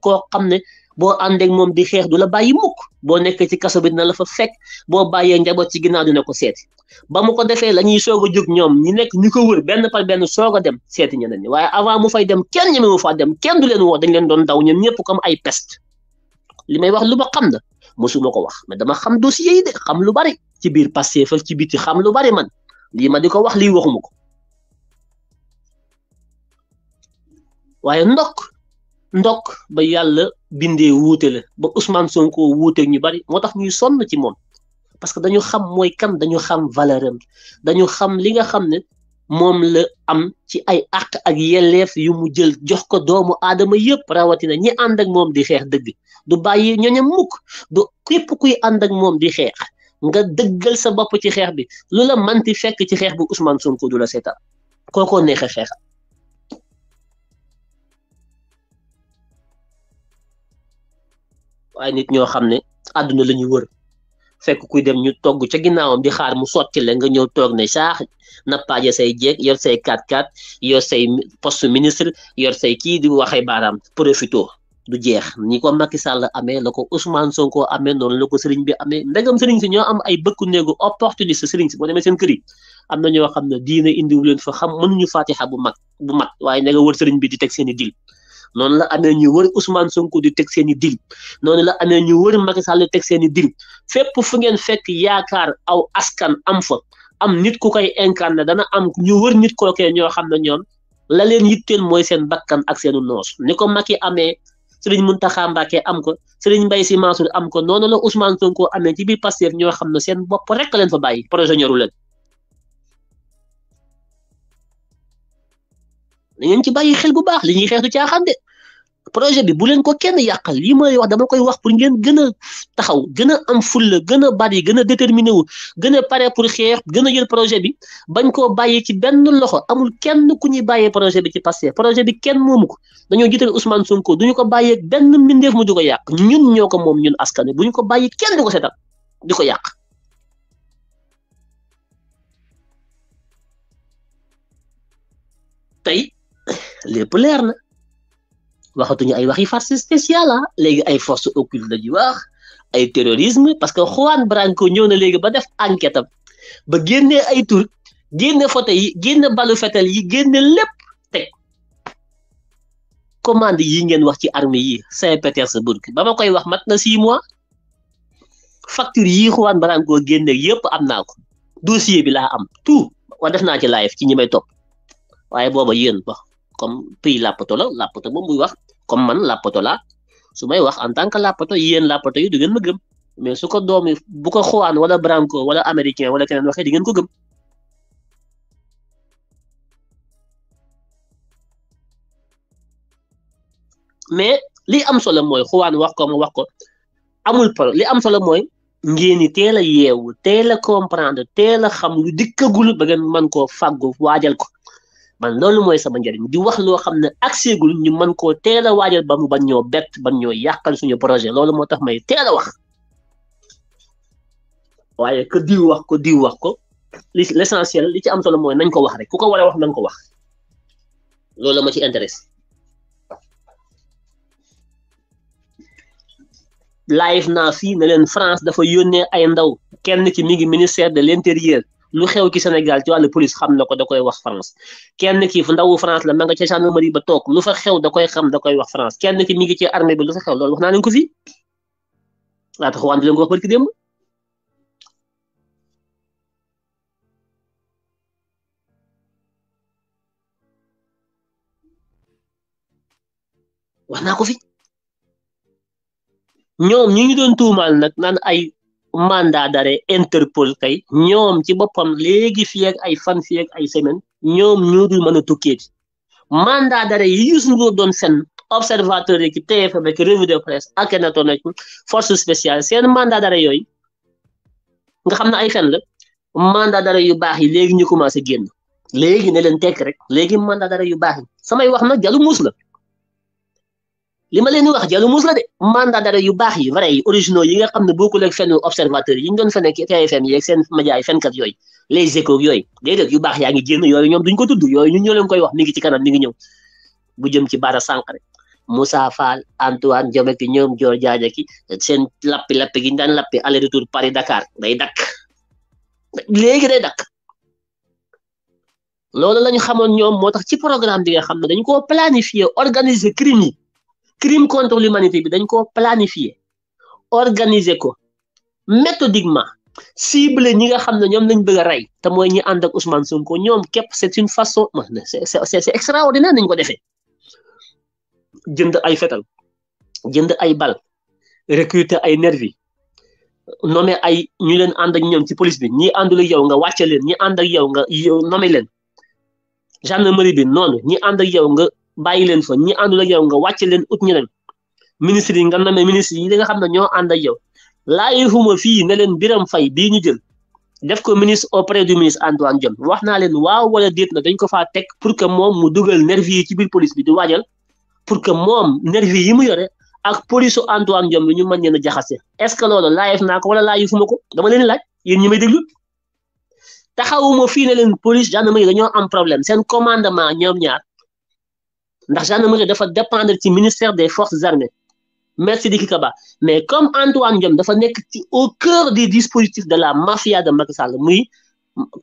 koo xam ne boo àndeek moom di xeex du la bàyyi mukk boo nekkee ci kaso bi na la fa fekk boo bàyyee njaboot ci ginnaaw dina ko seeti ba mu ko defee la ñuy soog a jóg ñoom ñi nekk ñu ko wër benn par benn soog a dem seeti ñeneen ñi waaye avant mu fay dem kenn ñeme mu dem kenn du leen woo dañ leen doon daw ñoom ñëpp comme ay pest li may wax lu ma xam na mosuma ko wax mais dama xam dossier yi de xam lu bari ci biir Pastef ak ci biti xam lu bari man lii ma di ko wax lii waxuma ko waaye ndokk ba yàlla bindee wuute la ba Ousmane Sonko wuute ñu bari moo tax ñuy sonn ci moom parce que dañu xam mooy kan dañu xam valeur am dañu xam li nga xam ne moom la am ci ay àq ak yelleef yu mu jël jox ko doomu aadama yëpp rawatina ñi ànd ak moom di xeex dëgg du bàyyi ñoña mukk du képp kuy ànd ak moom di xeex nga dëggal sa bopp ci xeex bi lu la manti fekk ci xeex bu Ousmane Sonko du la seetaan kookoo neexe xeexal waaye nit ñoo xam ne àdduna la ñuy wër fekk kuy dem ñu togg ca ginnaawam di xaar mu sotti la nga ñëw toog ne saax nappaaje say jeeg yor say 4-4 yor say poste ministre yor say kii di waxee baaraam profito du jeex ni ko Macky Sall amee la ko Ousmane Sonko amee noonu la ko sëriñ bi amee ndegam sëriñ si ñoo am ay bëkku néegu opportuniste sëriñ si boo demee seen kër am na ñoo xam ne diine indiwu leen fa xam mënuñu fatiha bu mag bu mag waaye na wër sëriñ bi di teg seen i dil noonu la amee ñu wër Ousmane Sonko di teg seeni i dil noonu la amee ñu wër Macky Sall di teg seen i fépp fu ngeen fekk yaakaar aw askan am fa am nit ku koy incarné dana am ñu wër nit kookee ñoo xam ne ñoom la leen yitteel mooy seen bakkan ak seenu noos ni ko Macky amee Serigne Mountakha Mbacké am ko Serigne Mbaye Sy Mansour am ko noonu la Ousmane Sonko amee ci biir Pastef ñoo xam ne seen bopp rek leen fa bàyyi projet ñoru leen na ngeen ci bàyyi xel bu baax li ñuy xeex du caaxaan de projet bi bu leen ko kenn yàq lii may wax dama koy wax pour ngeen gën a taxaw gën a am fulla gën a bari gën a déterminé wu gën a pare pour xeex gën a jël projet bi bañ koo bàyyi ci benn loxo amul kenn ku ñuy bàyyee projet bi ci passé projet bi kenn moomu ko dañoo jiital Ousmane Sonko duñu ko bàyyee benn mbindeef mu di ko yàq ñun ñoo ko moom ñun askan wi buñu ko bàyyi kenn du ko seetal di ko yàq. lépp leer na waxatuñu ay waxi force spéciale ah léegi ay force occulte la ñuy wax ay terrorisme parce que Juan Branco ñëw na léegi ba def enquête am ba génnee ay tur génne photo yi génne balu fetal yi génne lépp teg commande yi ngeen wax ci armée yi Saint-Pétersbourg ba ma koy wax mat na six mois facture yi Juan Branco génne yëpp am naa ko dossier bi laa am tout wax def naa ci live ci ñi may topp waaye booba yéen comme prix làppato la làppato moom muy wax comme man làppato la su may wax en tant que làppato yéen làppato yi du ngeen ma gëm mais su ko doomi bu ko xowaan wala branco wala américain wala keneen waxee di ko gëm mais li am solo mooy xowaan wax ko ma wax ko amul problème li am solo mooy ngeen ni teel a yeewu teel a comprendre teel a xam lu dikkagul ba ngeen mën koo fàggu waajal ko man loolu mooy sama njëriñ di wax loo xam ne agsigul ñu mën koo teel a waajal ba mu ban ñoo bett ban ñoo yàqal suñu projet loolu moo tax may teel wax waaye diw wax ko diw wax ko li l' essentiel li ci am solo mooy nañ ko wax rek ku ko war a wax nañ ko wax loolu ma ci intérêt live naa fii ne leen France dafa yónnee ay ndaw kenn ci mi ngi ministère de l' lu xew ci Sénégal ci walu police xam nako da koy wax France kenn ki fu ndawu France la ma nga ca gendarmerie ba tok lu fa xew da koy xam da koy wax France kenn ki mi ngi ci armée bi lu fa xew lolou wax na len ko fi la tax waan len ko wax barki dem wax na ko fi ñoom ñu ngi doon tuumaal nag naan ay mandat d'arrêt Interpol kay ñoom ci boppam léegi fii ak ay fan fii ay semaine ñoom ñoo dul mën a tukkeeti mandat d'arrêt yi Youssou doon sen observateur yi ci TFM ak revue de presse ak Akhenaton ak force spéciale seen mandat d'arrêt yooyu nga xam ne ay fen la mandat d'arrêt yu baax yi léegi ñu commencé génn léegi ne leen tekk rek léegi mandat d'arrêt yu baax yi samay wax nag jalu muus la li ma leen di wax jalu muus la de mandat d'arrêt yu baax yi vrai yi originaux yi nga xam ne bokkul ak fenn observateur yi ñu doon fene TFM yi ak seen média yi fenkat yooyu les échos yooyu déedéet yu baax yaa ngi génn yooyu ñoom duñ ko tudd yooyu ñun ñoo leen koy wax mi ngi ci kanam jëm ci Bara Sankaré Moussa Fall Antoine Diome ki ñoom Dior Diagne ki seen lappi lappi gi ñu daan lappi aller retour Paris Dakar day dakk léegi day dakk loolu la xamoon ñoom moo tax ci programme bi nga xam ne dañ koo planifier organiser crime yi crime contre l'humanité bi dañ koo planifier organiser ko méthodiquement cible ñi nga xam ne ñoom lañ bëgg a rey te mooy ñi ànd ak Ousmane Sonko ñoom képp c'est une façon c'est c'est extraordinaire nañ ko defee jënd ay fetal jënd ay bal recruter ay nervi nommé ay ñu leen ànd ak ñoom ci police bi ñi àndul ak yow nga wàcce leen ñi ànd ak yow nga nommé leen gendarmerie bi noonu ñi ànd ak yow nga bàyyi leen fa ñi àndul ak yow nga wàcce leen ut ñeneen ministre yi nga namee ministre yi nga xam ne ñoo ànd ak yow laayifuma fii ne leen biram fay bii ñu jël def ko ministre auprès du ministre Antoine Diome wax naa leen waaw wala déet na dañ ko faa teg pour que moom mu dugal nervi yi ci biir police bi di waajal pour que moom nervi yi mu yore ak police Antoine Diome bi ñu mën leen a jaxase est ce que loolu laayif naa ko wala laayifuma ko dama leen laaj yéen ñi may déglu taxawuma fii ne leen police gendarmerie dañoo am problème seen commandement ñoom ñaar ndax gendarmerie dafa dépendre ci ministère des forces armées Merci Sidiki Kaba mais comme Antoine Diom dafa nekk ci au cœur des dispositifs de la mafia de Macky Sall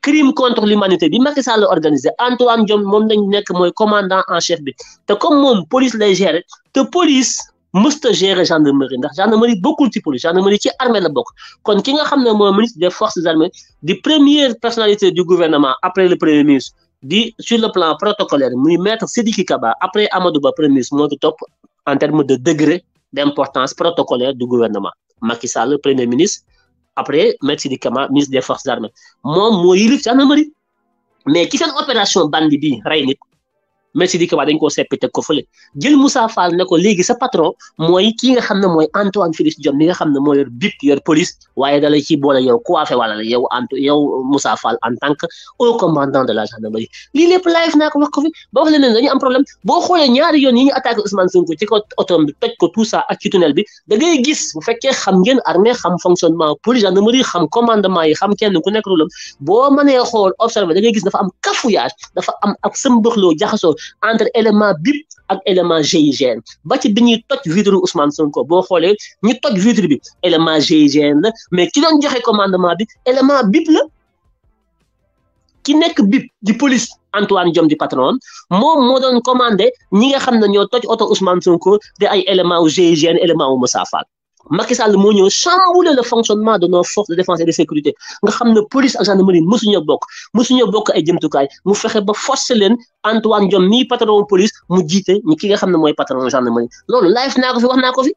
crime contre l'humanité bi Macky Sall organisé Antoine Diom moom lañ nekk commandant en chef bi te comme la police lay gérer te police mësta gérer gendarmerie ndax gendarmerie bokkul ci police gendarmerie ci armée la bokk kon ki nga xam ne ministre des forces armées di première personnalité du gouvernement après le premier ministre dit sur le plan protocolaire nous maître Sidiki Kaba après Amadou Ba premier ministre top en termes de degré d'importance protocolaire du gouvernement Macky Sall premier ministre après maître Sidi Kaba ministre des forces armées ça est en Amérique. mais qui cette opération bandit bi même si di ko dañ ko seppi teg ko fële jël Moussa Fall ne ko légui sa patron moy ki nga xamne moy Antoine Félix Diome ni nga xamne moy yor BIP yor police waye da ci bolé yow coiffé wala yow Anto yow Moussa Fall en tant que haut commandant de la gendarmerie li lépp live naa wax ko fi bo wax leen dañu am problème bo xolé ñaari yoon yi ñu attaquer Ousmane Sonko ci ko otom bi tej ko tout ça ak ci tunnel bi da ngay gis bu fekke xam ngeen armée xam fonctionnement police gendarmerie xam commandement yi xam kenn ku nek rôlam bo mané xol observer da ngay gis dafa am cafouillage dafa am ak sembeuxlo jaxaso entre élément BIP ak élément GIGN ba ci bi ñuy toj vitre Ousmane Sonko boo xoolee ñu toj vitre bi élément GIGN la mais ki doon joxe commandement bi élément BIP la ki nekk BIP di police Antoine Diome di patron moom moo doon commandé ñi nga xam ne ñoo toj oto Ousmane Sonko di ay élément wu GIGN élément wu Moussa Fall Macky Sall le fonctionnement de nos forces de défense et de sécurité nga avons une police ak gendarmerie bok bokk bok bokk ay jëmtukaay mu ba force Antoine suis patron police mu un ki nga patron gendarmerie loolu live fi wax fi.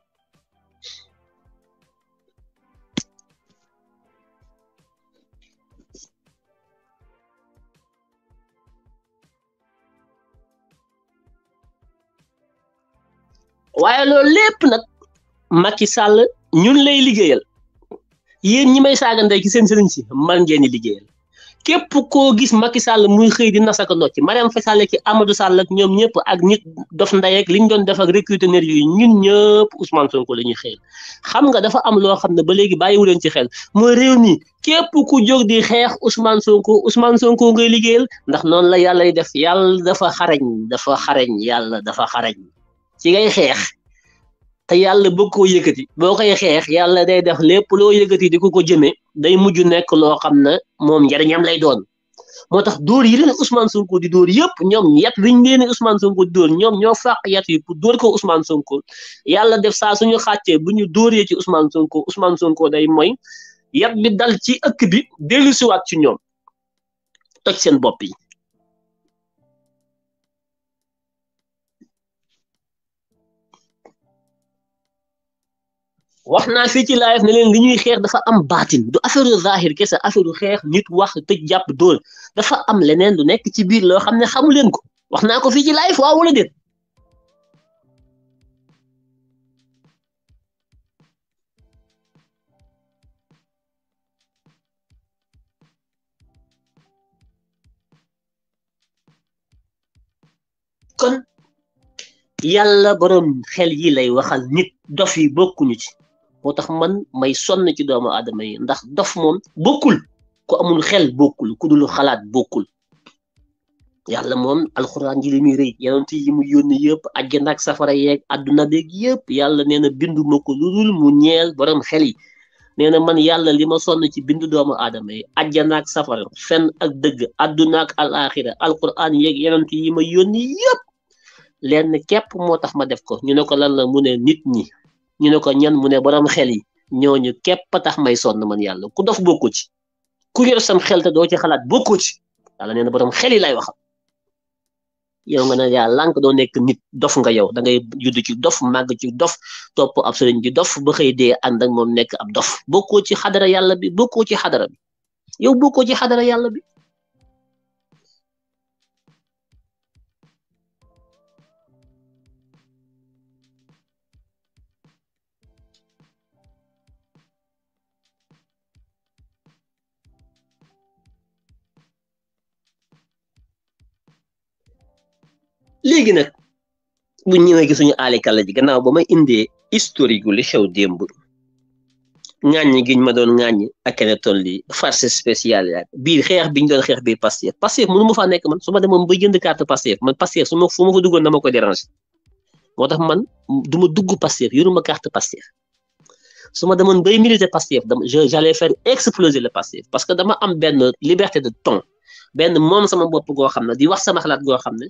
makki Sall ñun lay liggéeyal yéen ñi may saaga ndey ki seen sëriñ si man ngeen di liggéeyal képp koo gis Macky Sall muy xëy di nasaka nocci Mariam Faye Sall ki Amadou Sall ak ñoom ñëpp ak nit dof ndey ak li ñu doon def ak recruteur yooyu ñun ñëpp Ousmane Sonko la ñuy xëyal xam nga dafa am loo xam ne ba léegi bàyyiwu leen ci xel mooy réew mi képp ku jóg di xeex Ousmane Sonko Ousmane Sonko ngay liggéeyal ndax noonu la yàlla def yàlla dafa xarañ dafa xarañ yàlla dafa xarañ ci ngay xeex. te yàlla bëgg koo yëkkati boo koy xeex yàlla day def lépp loo yëkkati di ko ko jëmee day mujju nekk loo xam ne moom njariñam lay doon moo tax dóor yi leen Ousmane Sonko di door yëpp ñoom yat liñ leen Ousmane Sonko di ñoom ñoo fàq yat yi pour dóor ko Ousmane Sonko yàlla def saa suñu xàccee bu ñu dóoree ci Ousmane Sonko Ousmane Sonko day mooy yat bi dal ci ëkk bi dellusiwaat ci ñoom toj seen bopp yi. واخنا في تي لايف نلين لي خير دا فا ام باطن دو افيرو ظاهر كيسا افيرو خير نيت واخ تي جاب دول دا فا ام لنين دو نيك تي بير لو خامني خامو لين كو كو في تي لايف وا ولا دير كون يالا بروم خيل يي لاي واخال نيت دوفي بوكو نيتي moo tax man may sonn ci doomu aadama yi ndax dof moom bokkul ku amul xel bokkul ku dul xalaat bokkul yàlla moom alxuraan ji li muy rëy yonent yi mu yónni yëpp àjjana ak safara yeeg àdduna beeg yëpp yàlla nee na bindu ko lu dul mu ñeel xel yi nee na man yàlla li ma sonn ci bindu doomu aadama yi àjjana ak safara fenn ak dëgg àdduna ak alaaxira alxuraan yi ma yónni yëpp lenn képp moo tax ma def ko ñu ne ko lan la mu ne nit ñi ñu ne ko ñan mu ne borom xel yi ñooñu képp tax may sonn man yàlla ku dof bokku ci ku yor sam xel te doo ci xalaat bokku ci yàlla nee na xel yi lay waxal yow nga ne yaa lànk doo nekk nit dof nga yow da ngay judd ci dof màgg ci dof topp ab sëriñ ci dof ba xëy dee ànd ak moom nekk ab dof bokkoo ci xadara yàlla bi bokkoo ci xadara bi yow bokkoo ci xadara yàlla bi léegi nak bu ci suñu kala ji gannaaw ba may indé historique gu li xew démb ñi giñ ma doon ŋàññi ak Akhenaton lii farce spécial ya bi xex biñ doon xex bi passé passé mënu mu fa nekk man suma ma demoon ba jënd carte passé man passé suma ma fu ma fa duggon dama ko dérange motax man duma dugg passé Pastef ma carte passé suma ma bay militer passé dama j'allais faire exploser le passé parce que dama am ben liberté de ton ben mom sama bop go xam di wax sama xalat go xamne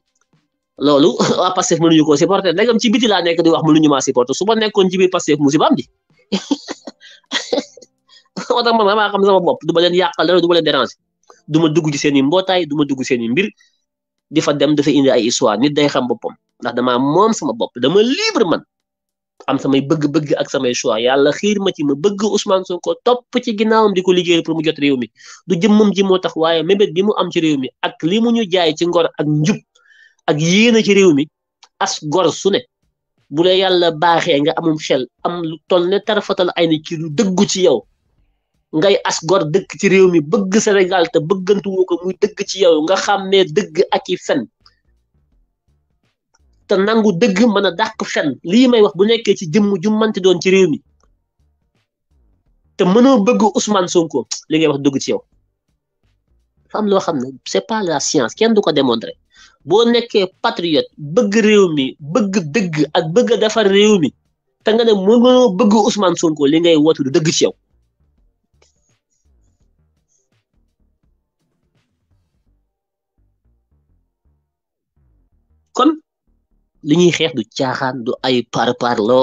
Lalu Pastef mënuñu ko supporter ndegam ci biti laa nekk di wax mënuñu ma supporter su ba nekkon ci biir Pastef musiba am di moo tax ma maa xam sama bop du ba len yàqal dara du ba len déranger du ma dugg ci seen mbotay mbootaay du ma dugg seen mbir di fa dem dafa indi ay histoire nit day xam bopam ndax dama mom sama bop dama libre man am samay bëgg-bëgg ak samay choix yalla xir ma ci ma bëgg Ousmane Sonko top ci ginnaawam di liggéey pour mu jot réew mi du jëmmam ji motax waye mebet bi mu am ci réew mi ak li ñu jaay ci ngor ak njub ak yéene ci réew mi as gor su ne bu la yàlla baaxee nga amum xel am lu toll ne tarafatal ay na ci lu dëggu ci yow ngay as gor dëkk ci réew mi bëgg Sénégal te bëggantu woo ko muy dëgg ci yow nga xàmmee dëgg ak i fen te nangu dëgg mën a dàq fen lii may wax bu nekkee ci jëmm ju manti doon ci réew mi te mënoo bëgg Ousmane Sonko li ngay wax dëgg ci yow loo c'est pas la science kenn du ko démontrer bo patriot patriote bëgg réew mi bëgg dëgg ak bëgg defar réew mi ta nga ne nga bëgg Ousmane Sonko li ngay wotu dëgg ci yow kon li ñuy xeex du caaxaan du ay parparlo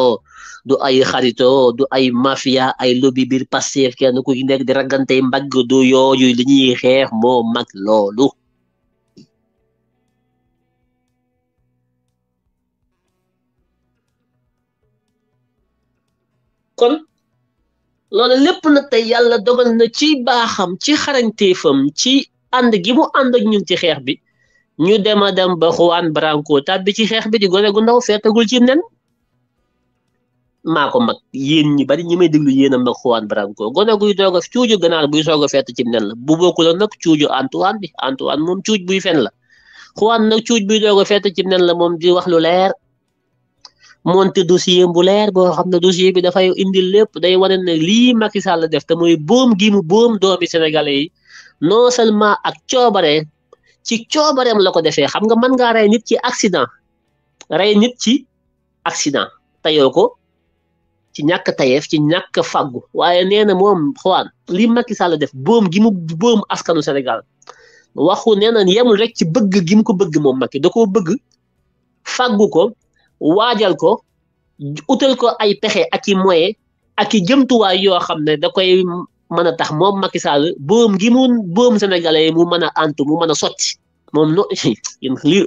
du ay xarito du ay mafia ay lobby bir Pastef kenn ku ci nekk di ragantay mbag du yooyu li ñuy xeex moo mag loolu kon loole lépp nag tey yàlla dogal na ci baaxam ci xarañteefam ci ànd gi mu ànd ak ñun ci xeex bi ñu dem a dem ba Juan Branco tàbbi ci xeex bi di gone gu ndaw feetagul ci nen maa ko mag yéen ñi bari ñi may déglu yéen a mag Juan Branco gone guy doog a cuuju ganaar buy soog a feet ci nen la bu bokkuloon nag cuuju Antoine bi Antoine moom cuuj buy fen la Juan nag cuuj buy doog a feet ci nen la moom di wax lu leer monté dossier bu leer boo xam ne dossier bi dafay indi lépp day wane ne lii Macky Sall def te mooy boom gi mu boom doomi sénégalais yi non seulement ak coobare ci coobareem la ko defee xam nga mën nga rey nit ci accident rey nit ci accident tayoo ko ci ñàkk tayeef ci ñàkk fàggu waaye nee na moom xawaan li Macky Sall def boom gi mu boom askanu Sénégal waxu nee na yemul rek ci bëgg gi mu ko bëgg moom Macky da koo bëgg fàggu ko waajal ko utal ko ay pexe ak i moyen ak i jëmtuwaay yoo xam ne da koy mën a tax moom Macky Sall boom gi mu boom sénégalais yi mu mën a antu mu mën a sotti moom no yéen li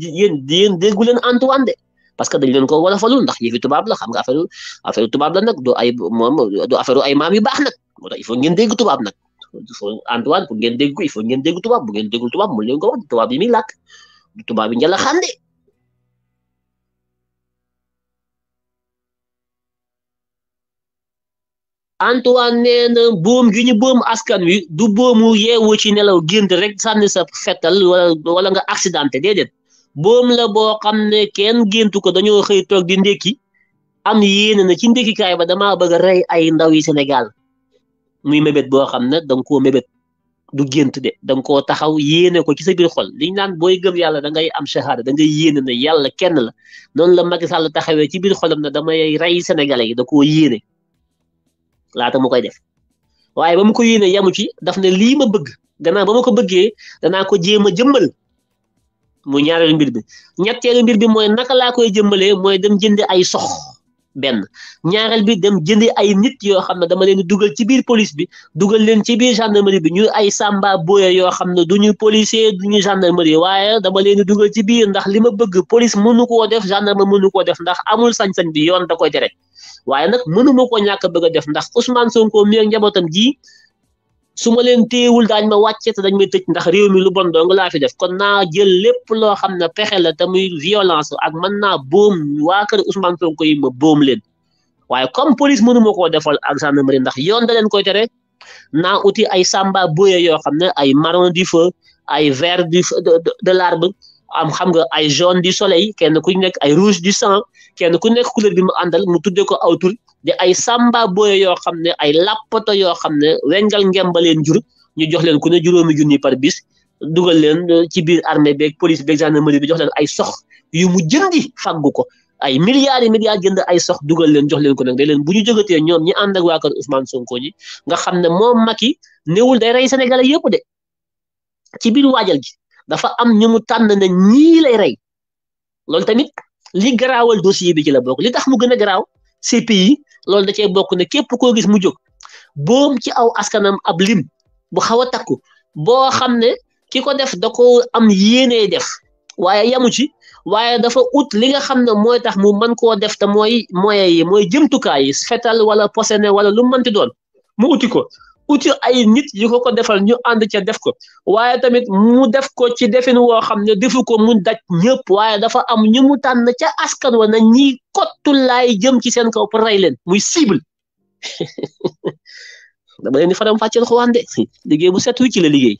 yéen yéen déggu leen antuwaan de parce que dañ leen ko wala a falul ndax yëfi tubaab la xam nga affaire affaire tubaab la nag du ay moom du affaire ay maam yu baax nag moo tax il faut ngeen dégg tubaab nag il faut antuwaan pour ngeen dégg ko il faut ngeen tubaab bu ngeen déggul tubaab mu leen ko wax tubaab yi muy làkk du tubaab yi njëla Antoine nee na boom gi ñu boom askan wi du boomu yeewu ci nelaw gént rek sànni sa fetal wala wala nga accidenté déedéet boom la boo xam ne kenn gént ko dañoo xëy toog di ndékki am yéene na ci ndékkikaay ba damaa bëgg rey ay ndaw yi Sénégal muy mébét boo xam ne danga koo mébét gént de danga koo taxaw yéene ko ci sa biir xol liñ naan gëm yàlla da ngay am shahada da ngay yéene ne yàlla kenn la noonu la Macky Sall taxawee ci biir xolam ne damay rey sénégalais yi da koo yéene laata mu koy def waaye ba mu ko yéene yamu ci daf ne lii ma bëgg gannaaw ba ma ko bëggee danaa ko jéem a jëmmal mu ñaareelu mbir bi ñetteelu mbir bi mooy naka laa koy jëmmalee mooy dem jënd ay sox. benn ñaareel bi dem jëndi ay nit yoo xam ne dama leen dugal ci biir police bi dugal leen ci biir gendarmerie bi ñu ay samba booye yoo xam ne duñu policier duñu gendarmerie waaye dama leen dugal ci biir ndax li ma bëgg police mënu koo def gendarme mënu koo def ndax amul sañ-sañ bi yoon da koy tere waaye nag mënuma ko ñàkk bëgg def ndax Ousmane Sonko mi ak njabootam ji suma len téewul dañ ma wàcce te dañ may tëj ndax rew mi lu bon nga la fi def kon na jël lépp lo xam pexe la te muy violence ak man na boom wa keur Ousmane Sonko yi ma boom len waye comme police mënu mako defal ak gendarmerie ndax yoon da len koy tere na uti ay samba boye yo xam ay marron du feu ay vert du de l'arbre am xam nga ay jaune du soleil kenn ku nek ay rouge du sang kenn ku nek couleur bi mu àndal mu tuddé ko autour di ay samba boye yoo xam ne ay làppato yoo xam ne wengal ngembaleen jur ñu jox leen ku ne juróomi junni par bis dugal leen euh, ci biir armée beeg police beeg gendarmerie bi jox leen ay sox yu mu jëndi faggu ko ay milliards yi milliards jënd ay sox dugal leen jox leen ko nag day leen bu ñu jógatee ñoom ñi ànd ak waa kër Ousmane Sonko nga xam ne moom Macky néewul day rey Sénégalais yëpp de ci biir waajal gi dafa am ñu mu tànn ne ñii lay rey loolu tamit li garaawal dossier bi ci la bokk li tax mu gën a garaaw CPI loolu da cee bokk ne képp koo gis mu jóg boom ci aw askanam ab lim bu xaw a takku boo xam ne ki ko def da ko am yéenee def waaye yamu ci waaye dafa ut li nga xam ne mooy tax mu mën koo def te mooy moyens yi mooy jëmtukaay yi fetal wala posene wala lu mu mënti doon mu uti ko uti ay nit yi ko ko defal ñu ànd ca def ko waaye tamit mu def ko ci defin woo xam ne defu ko mu daj ñëpp waaye dafa am ñu mu tànn ca askan wa na ñi kottu laay jëm ci seen kaw pour leen muy cible dama leen di faram fàcceel xuwaan de liggéey bu set wi ci la liggéey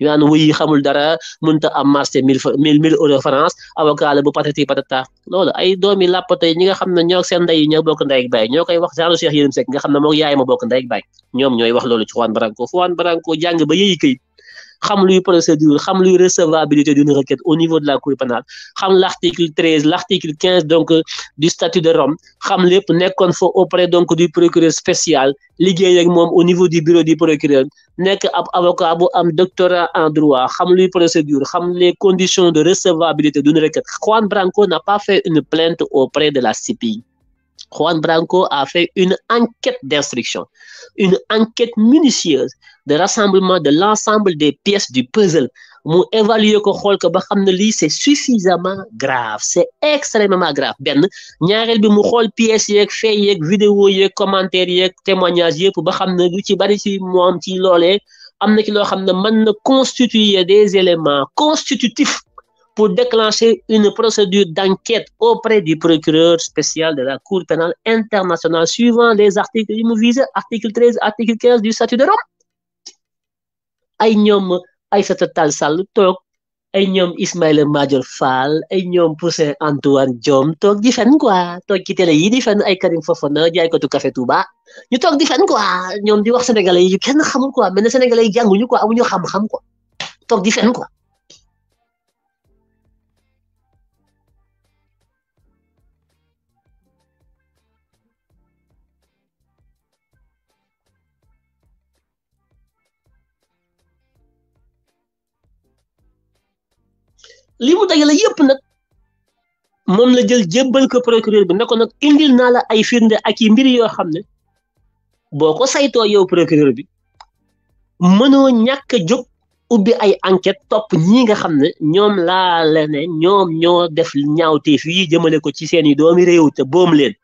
ñu naan wuy xamul dara mënut a am marché mille fa mille mille euro France avocat la bu patati patata loolu ay doomi làppate ñi nga xam ne ñoo seen ndey ñoo bokk ndey ak baay ñoo koy wax genre Cheikh Yérim Seck nga xam ne moom yaay ma bokk ndey ak baay ñoom ñooy wax loolu ci Juan Branco Juan Branco jàng ba yëyi xam luy procédure xam luy recevabilité d'une requête au niveau de la cour pénale xam l'article 13 l'article 15 donc euh, du statut de Rome xam lépp nekkoon fa auprès donc du procureur spécial liggéey ak au niveau du bureau du procureur nekk ab avocat bu am doctorat en droit xam luy procédure xam les conditions de recevabilité d'une requête Juan Branco n'a pas fait une plainte auprès de la CPI Juan Branco a fait une enquête d'instruction, une enquête minutieuse de rassemblement de l'ensemble des pièces du puzzle nous évaluer que ko ba c'est suffisamment grave c'est extrêmement grave Bien ñaarel bi mu pièces yek vidéos, yek vidéos, commentaires yek témoignages pour ba ne ci bari ci ci constituer des éléments constitutifs pour déclencher une procédure d'enquête auprès du procureur spécial de la Cour pénale internationale suivant les articles du article 13, article 15 du statut de Rome. ay ñoom Aïssata tatal Sall toog ay ñoom Ismaïla Madior Fall ay ñoom pousse Antoine diom toog di fen quoi toog ci télé yi di fen ay Karim Fofana jaay tu Café Touba ñu toog di fen quoi ñoom di wax sénégalais yi kenn xamul quoi mais na sénégalais yi jànguñu quoi amuñu xam-xam quoi toog di fen quoi li mu dajale yëpp nag moom la jël jébbal ko procureur bi ne ko nag indil naa la ay firnde ak yi mbir yoo xam ne boo ko saytoo yow procureur bi mënoo ñàkk a jóg ubbi ay enquête topp ñi nga xam ne ñoom laa la ne ñoom ñoo def ñaawteef fii jëmale ko ci seeni doomi réew te boom leen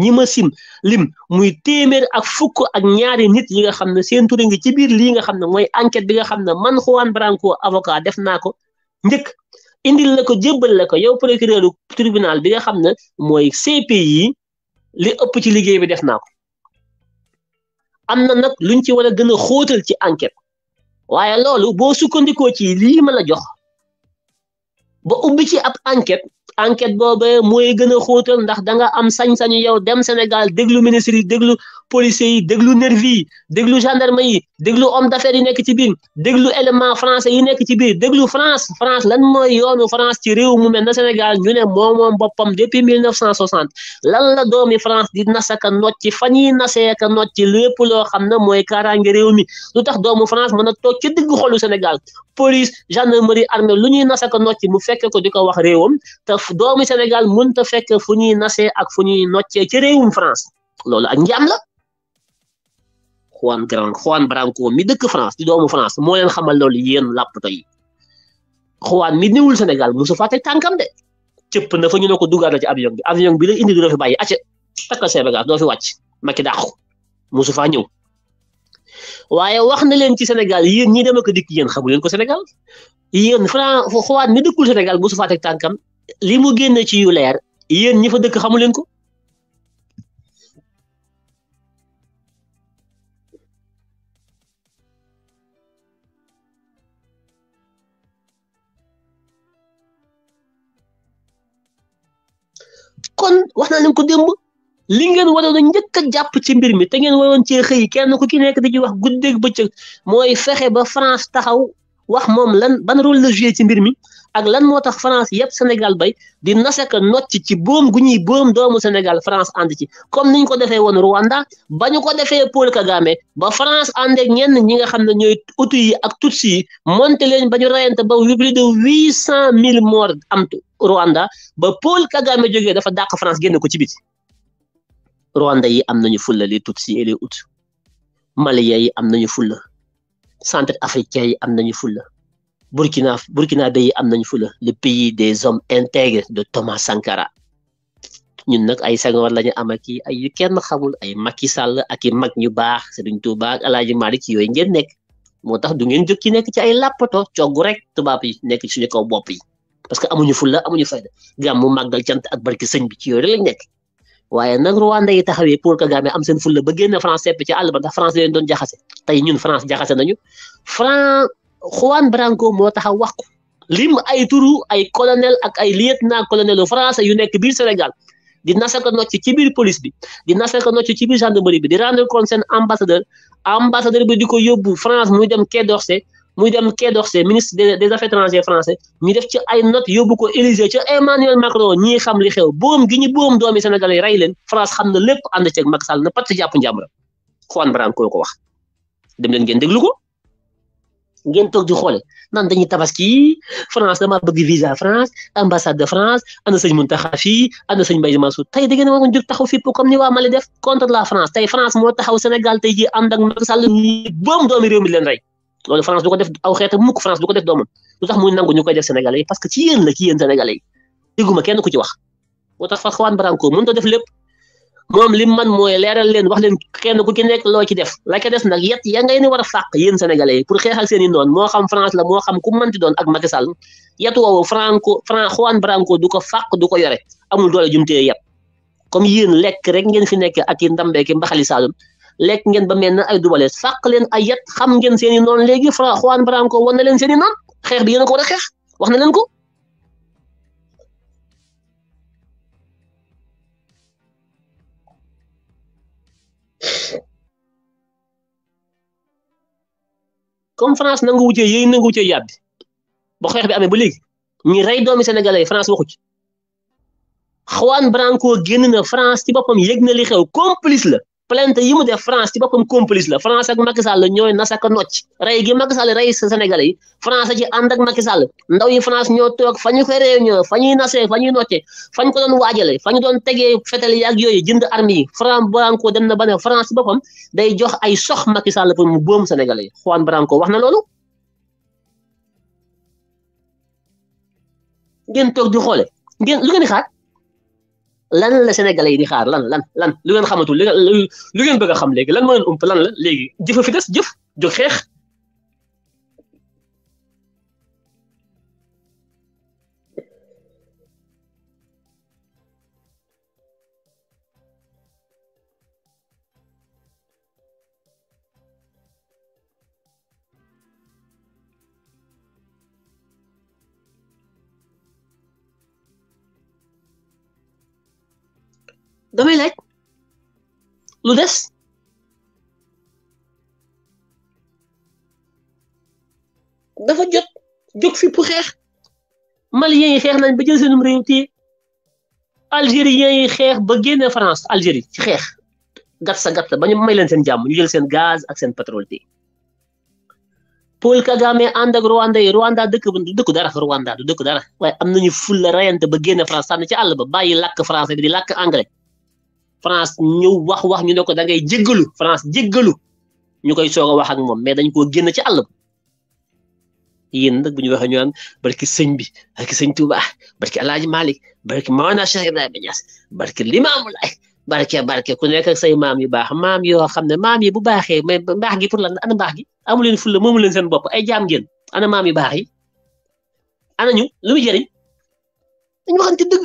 ñi ma sim lim muy téeméer ak fukk ak ñaari nit yi nga xam ne seen tur ngi ci biir lii nga xam ne mooy enquête bi nga xam ne man Juan Branco avocat def naa ko njëkk indil la ko jébbal la ko yow procureur tribunal bi nga xam ne mooy CPI yi li ëpp ci liggéey bi def naa ko am na nag luñ ci war a gën a xóotal ci enquête waaye loolu boo sukkandikoo ci lii ma la jox ba ubbi ci ab enquête enquête bobé moy gëna xóotal ndax da nga am san sañ yow dem Sénégal déglu ministère déglu police yi déglu nervi yi déglu gendarme yi déglu homme d'affaires yi nekk ci biir déglu élément français yi nekk ci biir déglu France France lan mooy yoonu France ci réew mu mel na Sénégal ñu ne moom moom boppam depuis 1960 lan la doomi France di nasaka not ci fan yi naseeka not lépp loo xam ne mooy réew mi lu tax doomu France mën a toog ci diggu xolu Sénégal police gendarmerie armée lu ñuy nasaka not mu fekk ko di ko wax réewam te doomi Sénégal mënta fekk fu ñuy nasee ak fu ñuy nocee ci réewum France loolu ak njaam la Juan Gran Juan Branco mi dëkk France di doomu France moo leen xamal loolu yéen làppato yi Juan mi néewul Sénégal mosu fàtte tànkam de cëpp na fa ñu ne ko dugaat ci avion bi avion bi la indi doo fi bàyyi acca takka Sénégal doo fi wàcc Macky dàqu mosu faa ñëw waaye wax na leen ci Sénégal yéen ñi dem ak dikk yéen xamu leen ko Sénégal yéen Fran Juan mi dëkkul Sénégal mosu fàtte tànkam li mu génne ci yu leer yéen ñi fa dëkk xamu leen ko kon wax naa leen ko démb li ngeen waroon a njëkk jàpp ci mbir mi te ngeen waroon cee xëy kenn ku ci nekk di ci wax ba bëccëg mooy fexe ba France taxaw wax moom lan bana rôle la joué ci mbir mi ak lan moo tax France yëpp Sénégal bay di nasaka nocc ci boom gu ñuy boom doomu Sénégal France ànd ci comme niñ ko defee woon Rwanda ba ñu ko defee Paul Kagame ba France ànd ak ñenn ñi nga xam ne ñooy Hutu yi ak Tutsi yi monte leen ba ñu reyante ba plus de huit cent mille morts am Rwanda ba Paul Kagame jógee dafa dàq France génn ko ci biti Rwanda yi am nañu fulla li Tutsi et les yi am nañu fulla centre africain yi am nañu fula Burkina Burkina day am nañ fula le pays des hommes intègres de Thomas Sankara ñun nak ay Senghor lañu am ak ay yu kenn xamul ay Macky Sall ak i mag ñu baax Serigne Touba ak Alaaji Malik yoy ngeen nek motax du ngeen jóg nek ci ay làppato ciogu rek tubaab yi nek ci suñu kaw bop yi parce que amuñu fulla amuñu fayda gàmmu magal cant ak barki señ bi ci yooyu lañ nek waye nak Rwanda yi taxawé pour gamé am seen fulla ba génn France sepp ci àll ba France leen doon jaxassé Yun ñun France jaxassé nañu France Juan Branco moo taxaw wax ko lim ay turu ay colonel ak ay lieutenant colonel français yu nekk biir Sénégal di nasa ko nocc ci biir police bi di nasa ko nocc ci biir gendarmerie bi di rendre compte seen ambassadeur ambassadeur bi di ko yóbbu France muy dem Quai d'Orsay muy dem Quai d'Orsay ministre des affaires étrangères français ñu def ci ay notes yóbbu ko Élysée ca Emmanuel Macron ñii xam li xew boom gi ñi boom doomi Sénégal yi rey leen France xam na lépp ànd ceeg Macky Sall na patt jàpp njàmbur Juan Branco ko wax dem leen ngeen déglu ko. ngeen toog di xoole naan dañuy tabaski France dama bëgg visa France ambassade de France ana sëñ Mountakha fii ana sëñ Mbaye Mansour tey da ngeen waroon jóg taxaw fi fipp comme ni waa Mali def contre la France tey France moo taxaw Sénégal tey ji ànd ak mak Sall ñi boom doomi réew mi leen rey loolu France du ko def aw xeetam mukk France du ko def doomam lu tax muy nangu ñu koy def Sénégalais yi parce que ci yéen la ci yéen Sénégalais yi dégguma kenn ku ci wax moo tax François Branco mënut a def lépp moom li man mooy leeral leen wax leen kenn ku ci nekk loo ci def la ca def nag yet ya ngay ni war a fàq yéen sénégalais pour xeexal seen i noonu moo xam France la moo xam ku mënti doon ak Macky Sall yet woowu Franco Fran Juan Branco du ko fàq du ko yore amul doole jumtee yet comme yéen lekk rek ngeen fi nekk ak yi ndambeeki mbaxali saalum lekk ngeen ba mel na ay dubale fàq leen ay yet xam ngeen seen noon noonu léegi Fran Juan Branco wan leen seen i xeex bi yéen ko xeex wax na leen ko comme France nanguwu cee yéen nanguwu cee yàbbi ba xeex bi amee ba léegi ñi rey doomi sénégalais yi France waxu ci Juan Branco génn na France ci boppam yëg na li xew complice la plainte yi mu def France ci boppam complice la France ak Macky Sall ñooy nasaka nocc rey gi Macky Sall rey Sénégalais yi France ci ànd ak Macky Sall ndaw yi France ñoo toog fa ñu koy réunion fa ñuy nasee fa ñu nocce fa ñu ko doon waajale fa ñu doon tegee fetal yaag yooyu jënd armes yi Juan Branco dem na ba ne France ci boppam day jox ay sox Macky Sall pour mu boom Sénégalais yi Juan Branco wax na loolu ngeen toog di xoole ngeen lu ngeen di lan la Sénégalais yi di xaar lan lan lan lu ngeen xamatul lu ngeen bëgg a xam léegi lan moo leen ump lan la léegi jëfa fi des jëf jóg 2007 lu des dafa jot jóg fi pour xeex maliens yi xeex nañ ba jël seenum réew téye algériens yi xeex ba génne France Algérie ci xeex gat sa ba ñu may leen seen jàmm ñu jël seen gaz ak seen pétrole téye Paul Kagame ànd ak Rwanda yi Rwanda dëkk du dëkk dara Rwanda du dëkk dara waaye am nañu fulla rayante ba génne France sànni ci àll ba bàyyi làkk français bi di làkk anglais France ñu wax wax ñu ne ko da ngay jéggalu France jéggalu ñu koy soog a wax ak moom mais dañ koo génn ci àll ba yéen nag bu ñu waxee ñu naan barki sëñ bi barki sëñ Touba barki El malik barki Mawana Cheikh Ibrahima Niass barki Limamou Laye barke barke ku nekk ak say maam yu baax maam yoo xam ne maam yi bu baaxee mais mbaax gi pour lan ana mbaax gi amu leen fulla moomu leen seen bopp ay jaam ngeen ana maam yu baax yi ana ñu lu mu jëriñ dañu waxante dëgg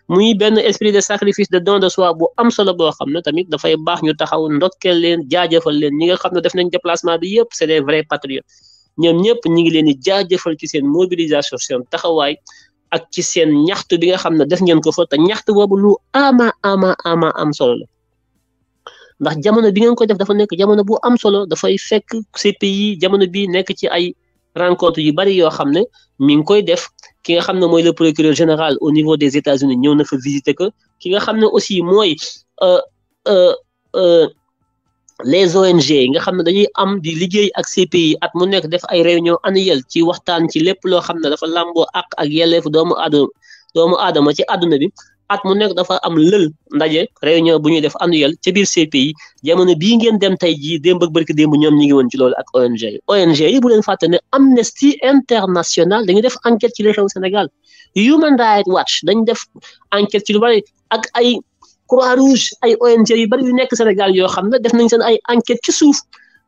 muy benn esprit de sacrifice de don de soi bu am solo boo xam ne tamit dafay baax ñu taxaw ndokkeel leen jaajëfal leen ñi nga xam ne def nañ déplacement bi yëpp c'est des vrais patriotes ñoom ñëpp ñi ngi leen di jaajëfal ci seen mobilisation seen taxawaay ak ci seen ñaxtu bi nga xam ne def ngeen ko fa te ñaxtu boobu lu ama ama ama am solo la ndax jamono bi ngeen ko def dafa nekk jamono bu am solo dafay fekk CPI jamono bi nekk ci ay rencontre yu bari yoo mi def le procureur général au niveau des États-Unis ñëw na fa visiter que ki aussi euh, euh, euh, les ONG yi nga xam dañuy am di ak at mu def ay réunion annuelle ci waxtaan ci lépp loo xam dafa làmboo ak ak doomu doomu at mu nekk dafa am lël ndaje réunion bu ñuy def annuel ca biir CPI jamono bii ngeen dem tey jii démb ak barki bu ñoom ñi ngi woon ci loolu ak ONG yi ONG yi bu leen fàtte ne Amnesty International dañuy def enquête ci li xew Sénégal Human Rights Watch dañ def enquête ci lu bari ak ay Croix-Rouge ay ONG yi bari yu nekk Sénégal yoo xam ne def nañ seen ay enquête ci suuf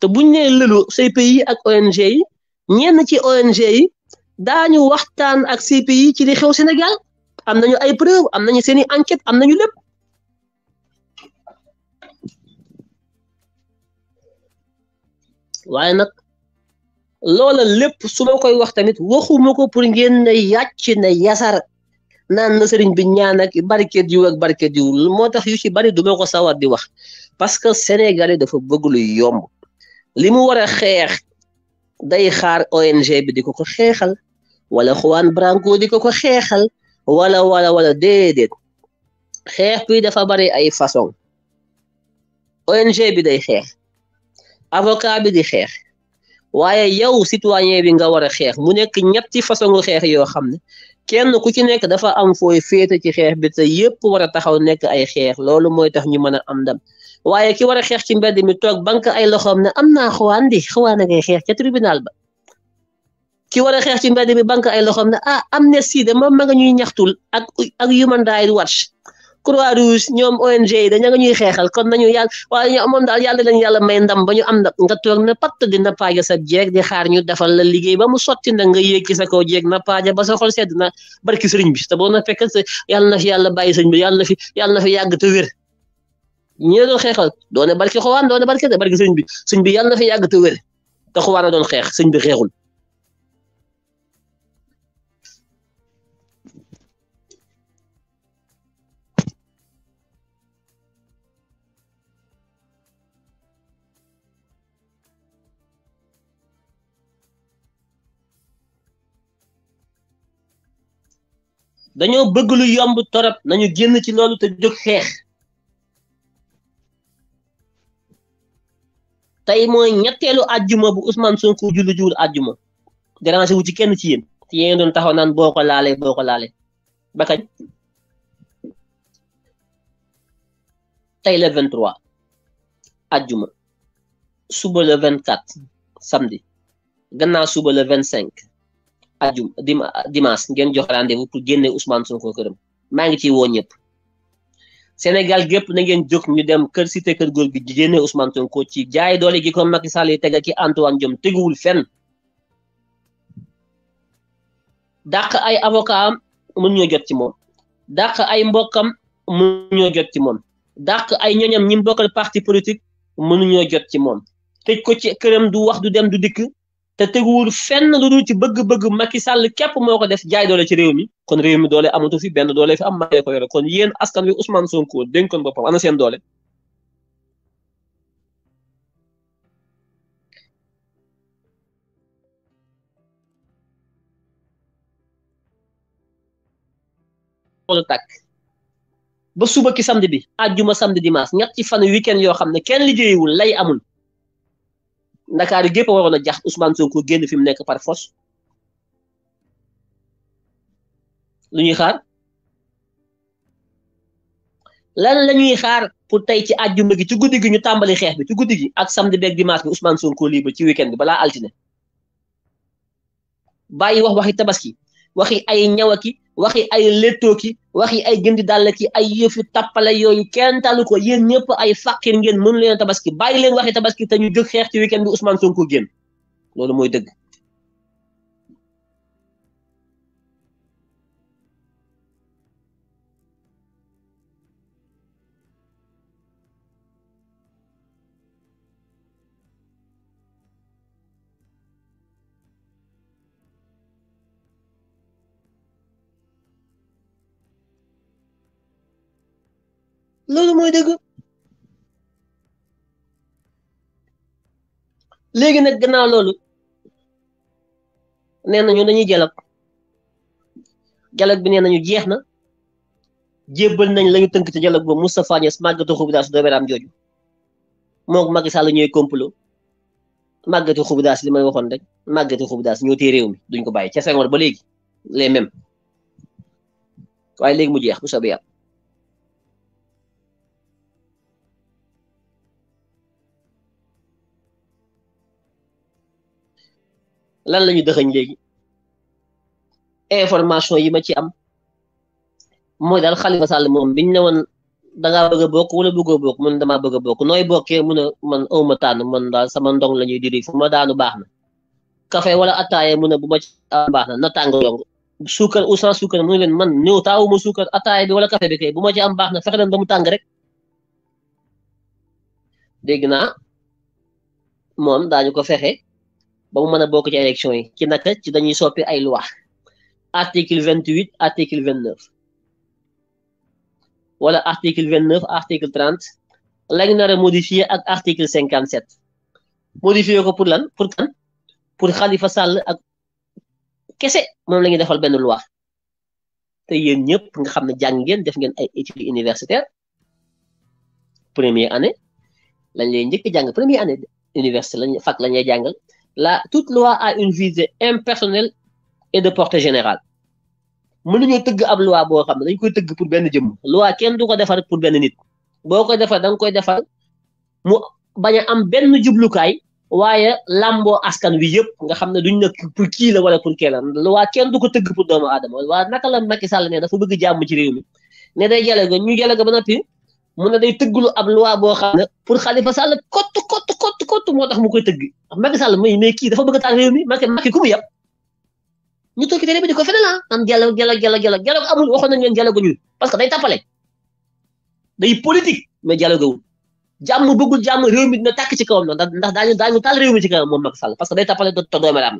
te buñ nee lëlu CPI ak ONG yi ñenn ci ONG yi daañu waxtaan ak CPI ci li xew Sénégal am nañu ay preuve am nañu seeni enquête am nañu lépp waaye nag loola lépp su ma koy wax tamit waxuma ko pour ngeen ne yàcc ne yasar naan na sëriñ bi ñaan ak barke diw ak barke diw moo tax yu ci bari du ko sawar di wax parce que sénégalais dafa bëgg lu yomb li mu war a xeex day xaar ONG bi di ko ko xeexal wala Juan Branco di ko ko xeexal wala wala wala déedéet xeex bi dafa bari ay façon ONG bi day xeex avocat bi di xeex waaye yow citoyen bi nga war a xeex mu nekk ñetti façon xeex yoo xam ne kenn ku ci nekk dafa am fooy féete ci xeex bi te yépp war a taxaw nekk ay xeex loolu mooy tax ñu mën a am ndam waye ki wara xex ci mbedd mi tok bank ay loxom ne amna xwan di xwan ngay xex ci tribunal ba ki wara xex ci mbedd mi bank ay loxom ne ah Amnesty de mom ma nga ñuy ñaxtul ak ak Human Rights Watch Croix Rouge ñom ONG yi nga ñuy xexal kon nañu yàlla waaye ñu amon dal yàlla lañu yàlla may ndam bañu am na nga tok na pat di na paja sa jeeg di xaar ñu defal la liggey ba mu soti na nga yéeg ci sa kaw jeeg paja ba sa xol sedd na barki serigne bi te bo na fekk yàlla na fi yàlla bàyyi serigne bi yàlla na fi yàlla na fi yag te wér ñi doon xeexal doone barki xowaan doone barki de barki sëñ bi sëñ bi yàlla na fi yàgg te wér te xowaan a doon xeex sëñ bi xeexul dañoo bëgg lu yomb torop nañu génn ci loolu te jóg xeex tey mooy ñetteelu àjjuma bu Ousmane Sonko julli jiwul àjjuma dérangé wu ci kenn ci yéen ci yéen doon taxaw naan boo ko laalee boo ko laalee ba kañ tey le 23 àjjuma suba le 24 samedi gannaaw suba le 25 àjjuma dimanche ngeen jox rendez-vous pour génne Ousmane Sonko këram maa ngi ciy woo ñëpp. Sénégal gépp na ngeen jóg ñu dem kër cité kër góor gi génne Ousmane Sonko ci jaay doole gi ko Macky Sall yi tega ki Antoine Diome teguwul fenn dàq ay avocat am ñoo jot ci moom dàq ay mbokkam mun ñoo jot ci moom dàq ay ñoñam ñi mbokkal parti politique mënu ñoo jot ci moom tëj ko ci këram du wax du dem du dikk te teguwul fenn lu dul ci bëgg-bëgg Macky Sall képp moo ko def jaay doole ci réew mi kon réew mi doole amatu fi benn doole fi am maa ko yore kon yéen askan wi Ousmane Sonko dénkoon boppam ana seen doole. wala tàkk ba suba ki samedi bi àjjuma samedi dimanche ci fan weekend yoo xam ne kenn liggéeyiwul lay amul. ndakaari gépp waroon a jax Ousmane Sonko génn fi mu nekk par force lu ñuy xaar lan la ñuy xaar pour tey ci àjjuma gi ci guddi gi ñu tàmbali xeex bi ci guddi gi ak samedi beeg dimanche bi Ousmane Sonko libre ci weekend bi balaa altine bàyyi wax waxi tabaski waxi ay ñawaki waxi ay léttoo ki waxi ay gëndi dàll ki ay yëfu tappale yooyu kenn talu ko yéen ñëpp ay fàqir ngeen mënu leen tabaski bàyyi leen waxi tabaski te ñu jóg xeex ci week-end bi Ousmane Sonko génn loolu mooy dëgg loolu mooy dëgg léegi nag gannaaw loolu nee nañu dañuy jalak jalak bi nee nañu jeex na jébbal nañ lañu tënk ci jalak boobu Moustapha Niass màggatu xubidaas dooberaam jooju moog Macky Sall ñooy complot màggatu xubidaas li may waxoon rek màggatu xubidaas ñoo tee réew mi duñ ko bàyyi ca Senghor ba léegi les mêmes waaye léegi mu jeex bu soobee yàlla lan la ñu léegi information yi ma ci am mooy daal Khalifa Sall moom biñ ne woon dangaa bëgg a bokk wala bëggoo bokk mun damaa bëgg bokk nooy bokkee mun a man a ma tànn man daal sama ndong la ñuy diri fu ma daanu baax na café wala attaaye mun a bu ma ci am baax na na tàng suukar ou suukar mu ne leen man ñëw taawuma suukar attaaye bi wala café bi bu ma ci am baax na fexe leen mu tàng rek dégg naa moom daañu ko fexe bagaimana bawa ke election ini. Kita kata kita ni sopir ay luah. Artikel 28, artikel 29. Wala artikel 29, artikel 30. Lagi nara modifiye ak artikel 57. modifier ko pour lan, pour kan? Pour khalifa sal ak kese mom lañu defal ben luah. Te yeen ñep nga xamne jang ngeen def ngeen ay étudiant universitaire. Première année lañ lay ñëk jang première année université lañ fak lañ lay jangal la tout loi a une visée impersonnelle et de porté portée générale mënuñoo tëgg ab loi boo xam ne dañ koy tëgg pour benn jëmm loi kenn du ko defar pour benn nit boo koy defar da nga koy defar mu bañ a am benn jublukaay waaye làmboo askan wi yëpp nga xam ne duñ ne pour kii la wala pour kee loi kenn du ko tëgg pour doomu aadama waaye naka la Macky Sall ne dafa bëgg jàmm ci réew mi ne day jale ñu jale ga ba noppi mu ne day teggul ab loi boo xam ne pour Khalifa Sall kottu kottu kottu kottu moo tax mu koy tëgg ndax Macky Sall may mais kii dafa bëgg a taal réew mi Macky Macky ku mu yab ñu tokki ci bi di ko feneen ah am dialogue dialogue dialogue dialogue dialogue amul waxoon nañ leen dialogue ñu parce que day tappale day politique mais dialogue wul jàmm bëggul jàmm réew mi dina tàkk ci kawam noonu ndax daañu daañu taal réew mi ci kawam moom Macky Sall parce que day tappale te doomeel am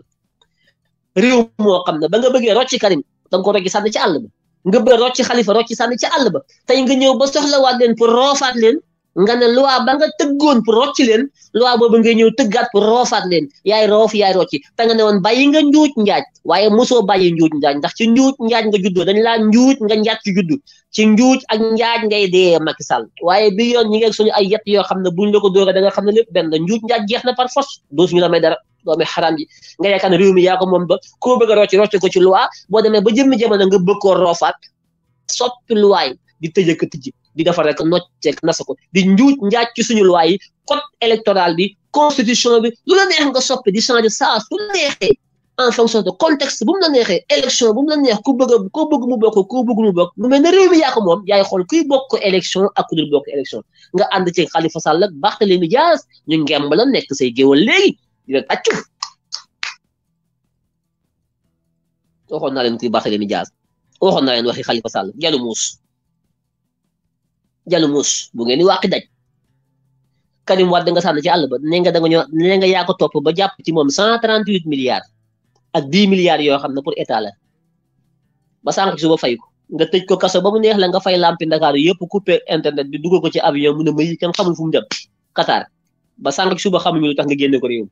réew moo xam ne ba nga bëggee rocci Karim da nga ko rocci sànni ci àll nga ba rocci xalifa rocci sànni ci àll ba tey nga ñëw ba soxlawaat leen pour roofaat leen nga ne loi ba nga tëggoon pour rocci leen loi boobu ngay ñëw tëggaat pour roofaat leen yaay roof yaay rocci te nga ne woon bàyyi nga njuuj njaaj waaye mosoo bàyyi njuuj njaaj ndax ci njuuj njaaj nga juddoo dañ laa njuuj nga njaaj ci juddu ci njuuj ak njaaj ngay dee Macky Sall waaye bi yoon ñi ngeeg suñu ay yett yoo xam ne buñ la ko dóora da xam ne lépp benn njuuj njaaj jeex na par force doo suñu la may dara doomi xaram yi nga yaakaar ne réew mi yaa moom ba koo bëgg a rocc rocc ko ci loi boo demee ba jëmmi jamono nga bëgg koo roofaat soppi loi yi di tëj ak tijji di defar rek nocceeg nasa ko di njuuj njaaj ci suñu loi yi code électoral bi constitution bi lu la nga soppi di changer saa su neexee en fonction de contexte bu mu la neexee élection bu mu la neex ku bëgg ko bëgg mu bokk ku bëgg mu bokk lu mel ne réew mi yaa moom yaay xool kuy bokk élection ak ku dul bokk élection nga ànd ci Khalifa Sall ak Barthélémy Dias ñu ngemb la nekk say géwal léegi di leen accu waxoon naa leen kuy baaxee leen jaas waxon na len waxi Khalifa Sall jalu mus jalu mus bu ngeen di wàqi daj kanim wad nga sànn ci Allah ba ne nga da nga ne nga ya ko top ba japp ci mom 138 milliards ak 10 milliards yo xam pour état la ba sank ci suba fay ko nga tej ko kasso ba mu neex la nga fay lampi dakar yepp couper internet bi dugal ko ci avion mu ne may kan xamul fu mu dem Qatar ba sank ci suba xamul lu tax nga genn ko rew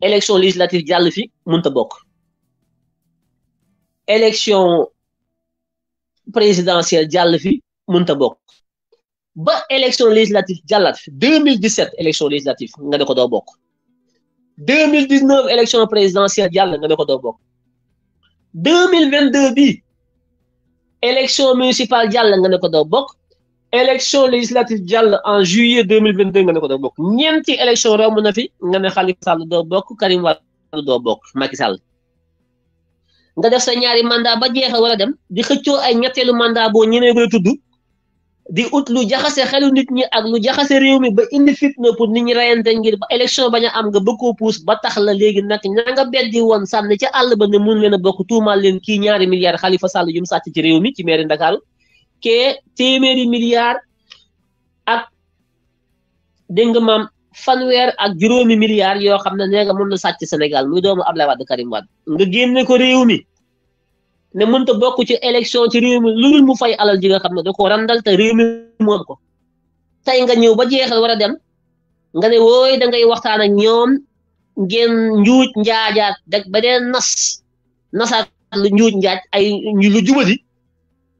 élection législative jàll fi mënta bokk élection présidentielle jàll fi mënta bokk ba élection législative jàllaat 2017 élection législative nga ne ko 2019 élection présidentielle jàll nga ne 2022 bi élection municipale jàll nga élection législative Dial en juillet 2022 nga ne ko doo bokk ñeenti élection romb na fi nga ne Khalifa Sall do bok Karim Wade do bok Macky Sall nga def sa ñaari mandat ba jeexal wala dem di xëccu ay ñettelu mandat bo ñenee ko tuddu di ut lu jaxase xelu nit ñi ak lu jaxase réew mi ba indi fitna pour nit ñi rayante ngir ba élection baña am nga bëggoo pousse ba tax la léegi nak ña nga beddi woon sànni ca àll ba ne mun leen a bokk tuumaal leen kii ñaari milliards Khalifa Sall yu mu sàcc ci réew mi ci mairie Dakar tekkee téeméeri milliards ak dégg nga maam fanweer ak juróomi milliards yoo xam ne nee nga na sàcc Sénégal muy doomu Abdoulaye Wade Karim Wade nga génne ko réew mi ne mënta bokk ci élection ci réew mi lu dul mu fay alal ji nga xam ne da ko randal te réew mi moom ko tey nga ñëw ba jeexal war a dem nga ne wooy dangay ngay waxtaan ak ñoom ngeen njuuj njaajaat dag ba dee nas nasaat lu njuuj njaaj ay lu jubadi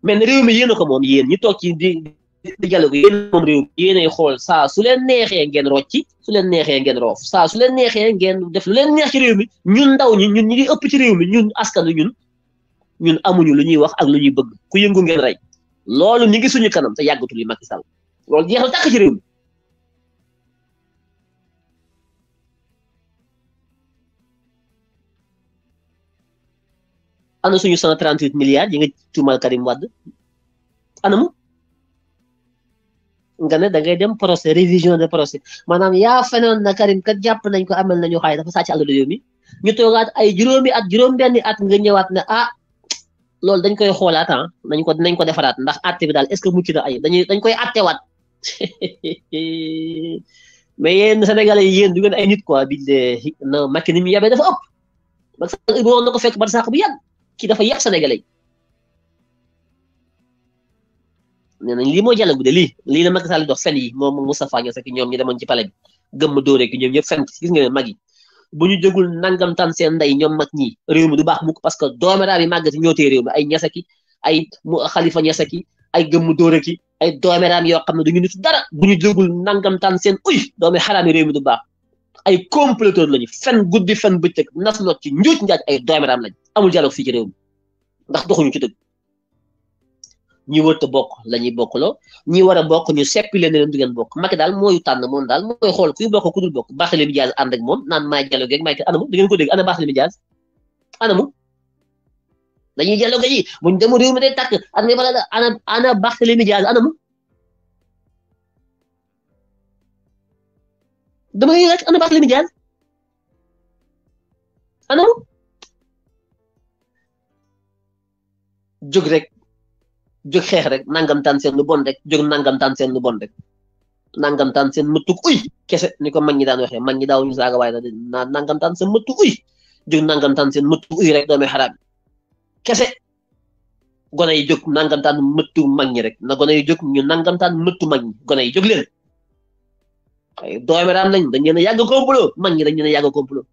na réew mi yéen a ko moom yéen ñu toog ci di di dialogue yéen moom réew mi xool saa su leen neexee ngeen rocci su leen neexee ngeen roof saa su leen neexee ngeen def lu leen neex ci réew mi ñun ndaw ñi ñun ñi ëpp ci réew mi ñun askan wi ñun ñun amuñu lu ñuy wax ak lu ñuy bëgg ku yëngu ngeen rek loolu ñu ngi suñu kanam te yàggatul yi i sal loolu jeex na tàkk ci réew mi anu suñu 138 milliards yi nga tumal Karim wad anam nga ne da ngay dem procès révision de procès manam ya fenon gitu, na Karim kat japp nañ ko amal nañu xay dafa sacc Allah réew mi ñu togaat ya, ay juroomi at juroom benni at nga ñëwaat na ah lol dañ koy xolaat han nañ ko nañ ko defaraat ndax atté bi dal est ce que mucc na ay dañ dañ koy wat mais yeen Sénégalais yeen du gën ay nit quoi bi de na Macky mi mu dafa ëpp Macky sax ibo woon ko fekk bar sax bu yagg kita dafa yàq sénégalais nee nañ lii mooy dialogue bi de lii lii la Macky Sall dox fen yi moom Moustapha Niasse ak ñoom ñu demoon ci palais bi gëmm dóoree ki ñoom ñëpp fen gis nga ne mag yi bu ñu jógul nangam tan seen ndey ñoom mag ñi réew mi du baax mukk parce que dooméraa bi màggati ñoo tee réew mi ay ki ay Khalifa ki ay ki ay nit dara bu ñu nangam tan uy doomi du baax ay comploteurs lañu fen guddi fen bëccëg nas not ci njuuj njaaj ay doomeraam lañ amul dialogue fii ci réew mi ndax doxuñu ci dëgg ñi wër te bokk la ñuy bokkloo ñi war a bokk ñu seppi leen ne bokk Macky daal mooy tànn moom daal mooy xool kuy bokk ku dul bokk Barthélémy Dias ànd ak moom naan maay dialogue ak maay anamu du ngeen ko dégg ana Barthélémy Dias dañuy dialogue yi buñ demu réew mi ak nga bala ana ana Barthélémy Dias anamu dama yëg rek ana Barthélémy Dias ana mu jóg rek jóg xeex rek nangam taan seen lu bon rek jóg nangam taan seen lu bon rek seen mëttuk uy kese ni ko mag ñi daan waxee mag ñi daaw ñu saaga waaye na nangam taan seen mëttuk uy jóg nangam taan seen mëttuk uy rek doomi xaraam kese gone yi jóg nangamtaan mëttu mag ñi rek na gone yi jóg ñu nangamtaan mëttu mag gone yi jóg ay doomi raam lañ dañ leen a yàgg complot mag ñi dañ leen a yàgg complot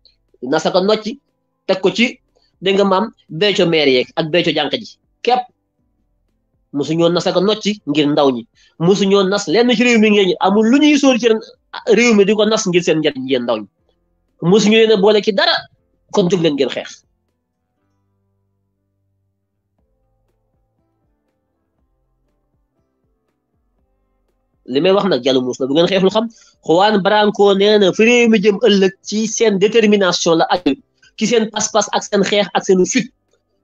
na sa ko nocci teg ko ci dégg nga maam bécco maire yeeg ak bécco jànq ji képp musu ñoo nas ak nocci ngir ndaw ñi musu ñoo nas lenn ci réew mi ngeen ñu amul lu ñuy sóor ci ah, réew mi di ko nas ngir seen njariñ yéen ndaw ñi musu ñu leen a boole ci dara kon jóg leen ngeen xeex li may wax nag jàllu muus la bu ngeen xeexul xam Juan Branco nee na mi jëm ëllëg ci seen détermination la ak ci seen pas-pas ak seen xeex ak seen fit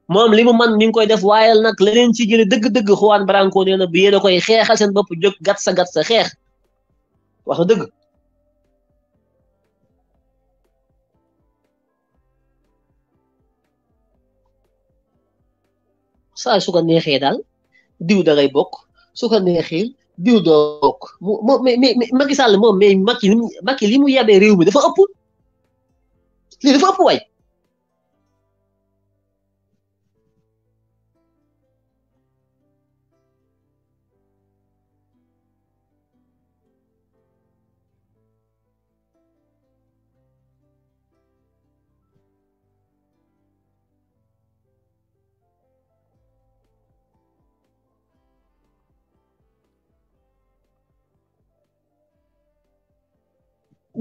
moom li mu man mi ngi koy def waaye nag leneen ci jële dëgg-dëgg Juan Branco neena na bu a koy xeexal seen bopp jóg gat sa gat sa xeex wax na dëgg saa su ko neexee daal diw da ngay bokk su ko neexee diw dook moom mais mais Macky Sall moom mais Macky Macky li mu yabee réew mi dafa ëpp lii dafa ëpp waay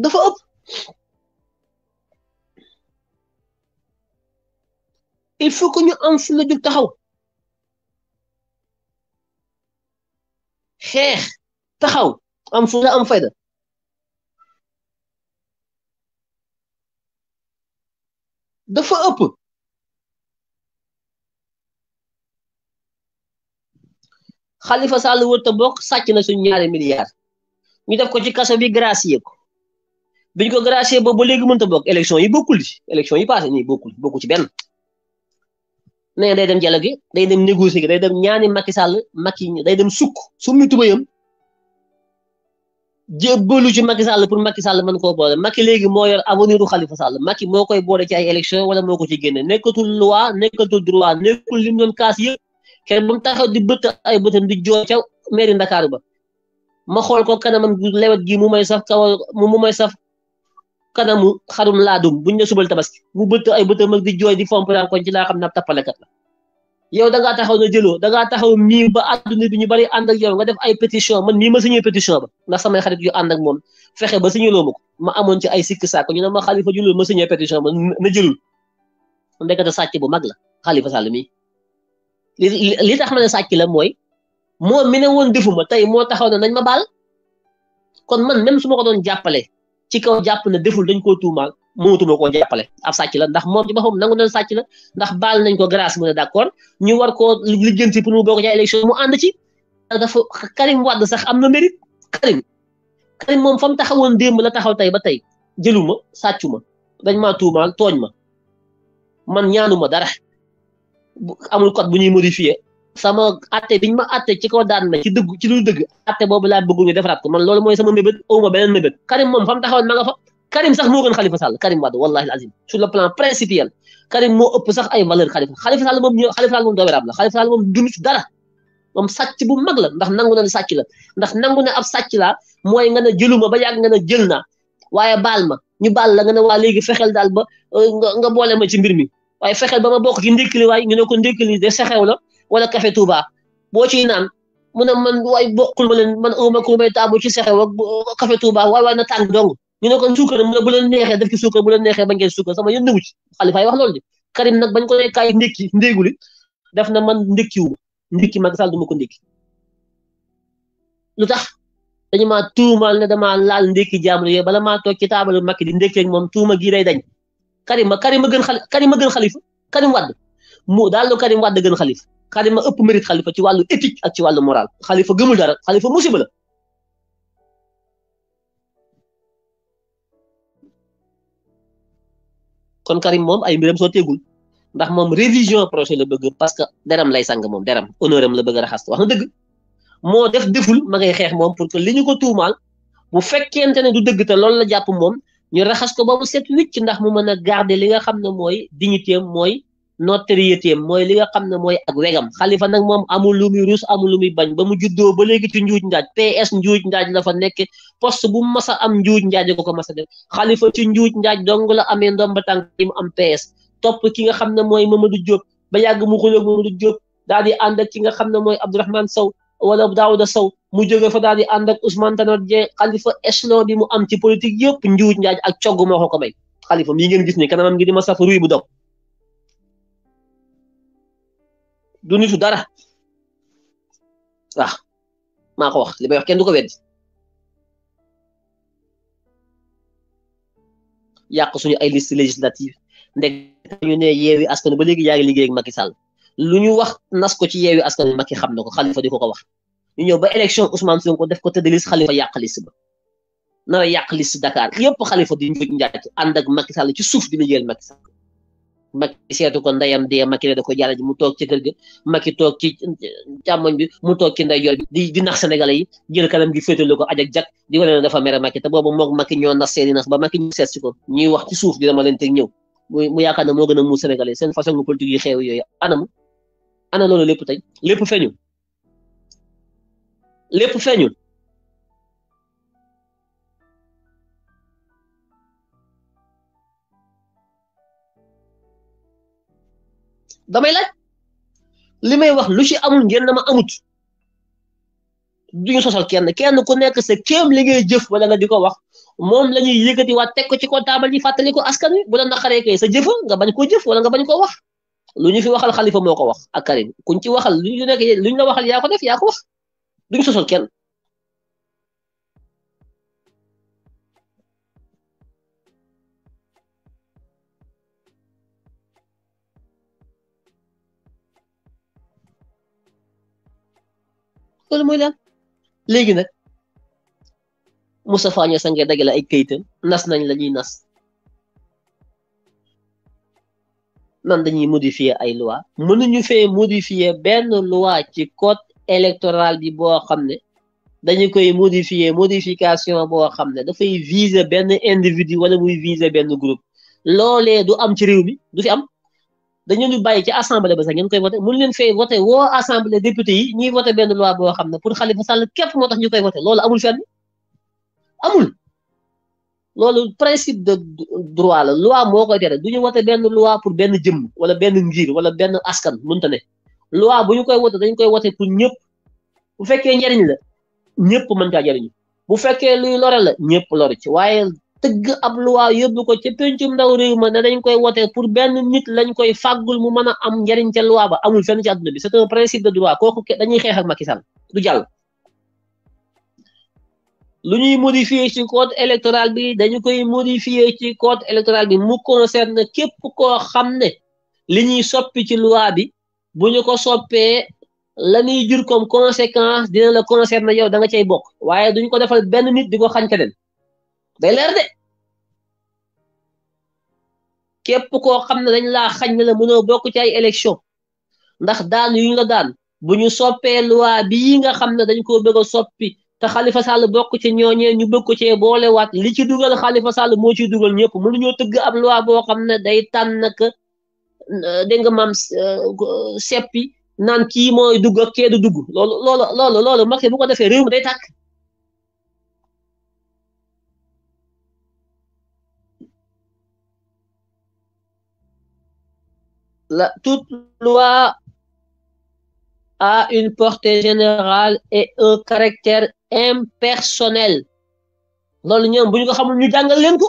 dafa ëpp il faut que ñu am fu la jug taxaw xeex taxaw am fu am fayda dafa ëpp Khalifa Sall wër bokk sàcc na suñu ñaari milliards ñu def ko ci kaso bi gracier ko biñ ko gracier bobu ba mën ta bok élection yi bokul ci élection yi passé ni bokul bokul ci ben nee day dem dialogue day dem négocier day dem ñaani Macky Sall Macky day dem sukk summi tubayam jébbalu ci Macky Sall pour Macky Sall mën ko bolé Macky léegi mo yor avenir du Khalifa Sall Macky mo koy bolé ci ay élection wala moko ci génne nekatul loi nekatul droit nekul lim doon kaas yépp kenn bu mu taxaw di bëtt ay bëtam di joo ci mairie Ndakaaru ba ma xol ko kanamam lewet gi mu may saf kaw mu may saf kanamu xarum laadum buñ ne subal tabaski mu bët ay bëtt ak di jooy di fomp naan kon ci laa xam ne ab tappalekat la yow da ngaa taxaw na jëloo da ngaa taxaw mii ba àdduna bi ñu bari ànd ak yow nga def ay pétition man mii ma signé pétition ba ndax samay xarit yu ànd ak moom fexe ba signé loo ma ko ma amoon ci ay sikk sàkk ñu ne ma xalifa julul ma signé pétition ba na jëlul ndekete sàcc bu mag la xalifa Sall mii li tax ma ne sàcc la mooy moo mi ne woon defuma tey moo taxaw ne nañ ma baal kon man même su ma ko doon jàppale ci kaw jàpp na deful dañ koo tuumaal mënatuma koo jàppale ab sàcc la ndax moom ci boppam nangu na sàcc la ndax baal nañ ko grâce mu ne d'accord ñu war koo lijjanti pour mu bokk ci élection mu ànd ci dafa Karim Wade sax am na mérite Karim Karim moom fa mu taxawoon démb la taxaw tey ba tey jëluma sàccuma dañ maa tuumaal tooñ ma man ñaanuma dara amul kot bu ñuy modifier sama atte biñ ma atte ci kaw daan ma ci dëgg ci boobu laa bëgg ñu defaraat ko man loolu mooy sama mébét awuma beneen mébét Karim moom fa mu taxawoon ma Karim sax moo gën Khalifa Sall Karim Wade wallahi alazim sur le plan principiel Karim moo ëpp sax ay valeur Khalifa Khalifa Sall moom ñëw Khalifa Sall moom doobéram la Khalifa Sall moom dund dara moom sàcc bu mag la ndax nangu na ne sàcc la ndax nangu na ab sàcc laa mooy nga ne jëluma ba yàgg nga ne jël naa waaye baal ma ñu baal la nga ne waa léegi fexeel daal ba euh, nga boole ma ci mbir mi waaye fexeel ba ma bokk ci ndékkili ñu ne ko ndékkili de sexew la wala kafe Touba boo ciy naan mu ne man waay bokkul ma leen man uma ku may taamu ci sexe wa café Touba waay waay na tàng dong ñu ne ko suukar bu leen neexee def ci suukar bu leen neexee bañ ngeen suukar sama yéen nëwu ci xalifaay wax loolu de Karim nag bañ ko ne kaay ndékki ndéeguli def na man ndékkiwuma ndékki Macky Sall du ma ko ndékki lu tax dañu maa tuumal ne damaa laal ndékki jaamul yooyu bala maa toog ci taabalu Macky di ndékki ak moom tuuma gii day dañ Karim ma Karim ma gën xali Karim ma gën xalifa Karim Wade mu daal lu Karim gën xalifa xalima ëpp mérite xalifa ci wàllu éthique ak ci wàllu moral xalifa gamul dara xalifa musiba la kon Karim moom ay mbiram sotteegul ndax moom révision projet la bëgg parce que deram lay sang moom deram honneur la bëgg a raxas wax na dëgg moo def deful ma ngay xeex moom pour que li ñu ko tuumaal bu fekkente ne du dëgg te loolu la jàpp moom ñu raxas ko ba mu set wicc ndax mu mën a garder li nga xam ne mooy dignité mooy notoriété mooy li nga xam ne mooy ak wegam xalifa nag moom amul lu muy ruus amul lu muy bañ ba mu juddoo ba léegi ci njuuj njaaj PS njuuj njaaj la fa nekk poste bu mas a am njuuj njaaj ko ko mas a def xalifa njuuj njaaj dong la amee ndomba tànk yi mu am PS topp ki nga xam ne mooy Mamadou Diop ba yàgg mu xuloog Mamadou Diop daal di ànd ki nga xam ne mooy Abdourahmane Sow wala Daouda Sow mu jóge fa daal di ànd ak Ousmane Tanor Dieng xalifa échelon bi mu am ci politique yëpp njuuj njaaj ak cogg moo ko ko may xalifa mii ngeen gis ni kanamam ngi di ma saf ruy bu dog du nitu dara waaw maa ko wax li may wax kenn du ko weddi yàq suñu ay liste législative ndeg ñu ne yeewi askan ba léegi yaa ngi liggéey ak Macky lu ñu wax nas ko ci yeewi askan Macky xam na ko Khalifa di ko ko wax ñu ñëw ba élection Ousmane Sonko def ko tëdd liste Khalifa yàq liste ba nara yàq liste Dakar yëpp Khalifa di ñu njaay ànd ak Macky Sall ci suuf di liggéeyal Macky Sall Macky seetu ko ndeyam dee Macky ne da ko jàll ji mu toog ci kër ga Macky toog ci uh, càmmoñ bi mu toog ci ndeyjoor bi di di nax sénégalais yi jël kanam gi féetalu ko aj ak jak di wane ne dafa mere Macky te boobu moog Macky ñoo nax seeni nax ba Macky ñu seet si ko ñuy wax ci suuf di dama leen teg ñëw mu yaakaar ne moo gën a mu sénégalais seen façon gu politique yi xeew yooyu anam ana loolu lépp tey lépp feeñul lépp feeñul damay laaj li may wax lu ci amul ngeen dama amut duñu sosal kenn kenn ku nekk sa kéem li ngay jëf wala nga di ko wax moom la ñuy yëkkati waat teg ko ci ko taabal yi fàttali ko askan wi bu la naqaree kay sa jëfa nga bañ koo jëf wala nga bañ koo wax lu ñu fi waxal xalifa moo ko wax ak Karim kuñ ci waxal lu ñu nekk lu ñu la waxal yaa ko def yaa ko wax duñu sosal kenn loolu mooy lan léegi nag Moustapha Niasse ngay dagale ay kayitam nas nañ la ñuy nas nan dañuy modifier ay loi mënuñu fee modifier benn loi ci code électoral bi boo xam ne dañu koy modifier modification boo xam ne dafay viser benn individu wala muy viser benn groupe loolee du am ci réew mi du fi am dañu ñu bàyyi ci assemblée ba sax ngeen koy voté mun leen fay voté woo assemblée député yi ñuy voté benn loi boo xam ne pour Khalifa Sall képp moo ñu koy voté loolu amul fenn amul loolu principe de droit la loi moo koy tere du ñu voté benn loi pour benn jëmm wala benn ngir wala benn askan mënta ne loi bu ñu koy voté dañu koy voté pour ñëpp bu fekkee njariñ la ñëpp mën caa jariñu bu fekkee luy lore la ñëpp lore ci waaye tëgg ab luwaa yóbbu ko ca pencum ndaw réew ma ne dañ koy wote pour benn nit lañ koy fàggul mu mën a am njariñ ca luwaa ba amul fenn ci àdduna bi c'est un principe de droit xeex ak Macky du jàll ñuy modifier ci code électoral bi dañu koy modifier ci code électoral bi mu concerne képp koo xam ne li ñuy soppi ci luwaa bi bu ñu ko soppee la ñuy jur comme conséquence dina la concerner yow da nga cay bokk waaye duñ ko defal benn nit di ko xañ keneen day leer de képp koo xam ne dañ laa xañ ne la mënoo bokk ci ay élection ndax daan yu ñu la daan bu ñu soppee loi bii nga xam ne dañ koo bëgg a soppi te Khalifa Sall bokk ci ñooñee ñu bëgg ko cee boolewaat li ci dugal Khalifa Sall moo ciy dugal ñëpp ñoo tëgg ab loi boo xam ne day tànn ka euh, dégg nga maam euh, seppi naan kii mooy dugg ak kee du dugg loolu loolu loolu loolu Macky bu ko defee réew day tàkk toute loi a une portée générale et un caractère impersonnel il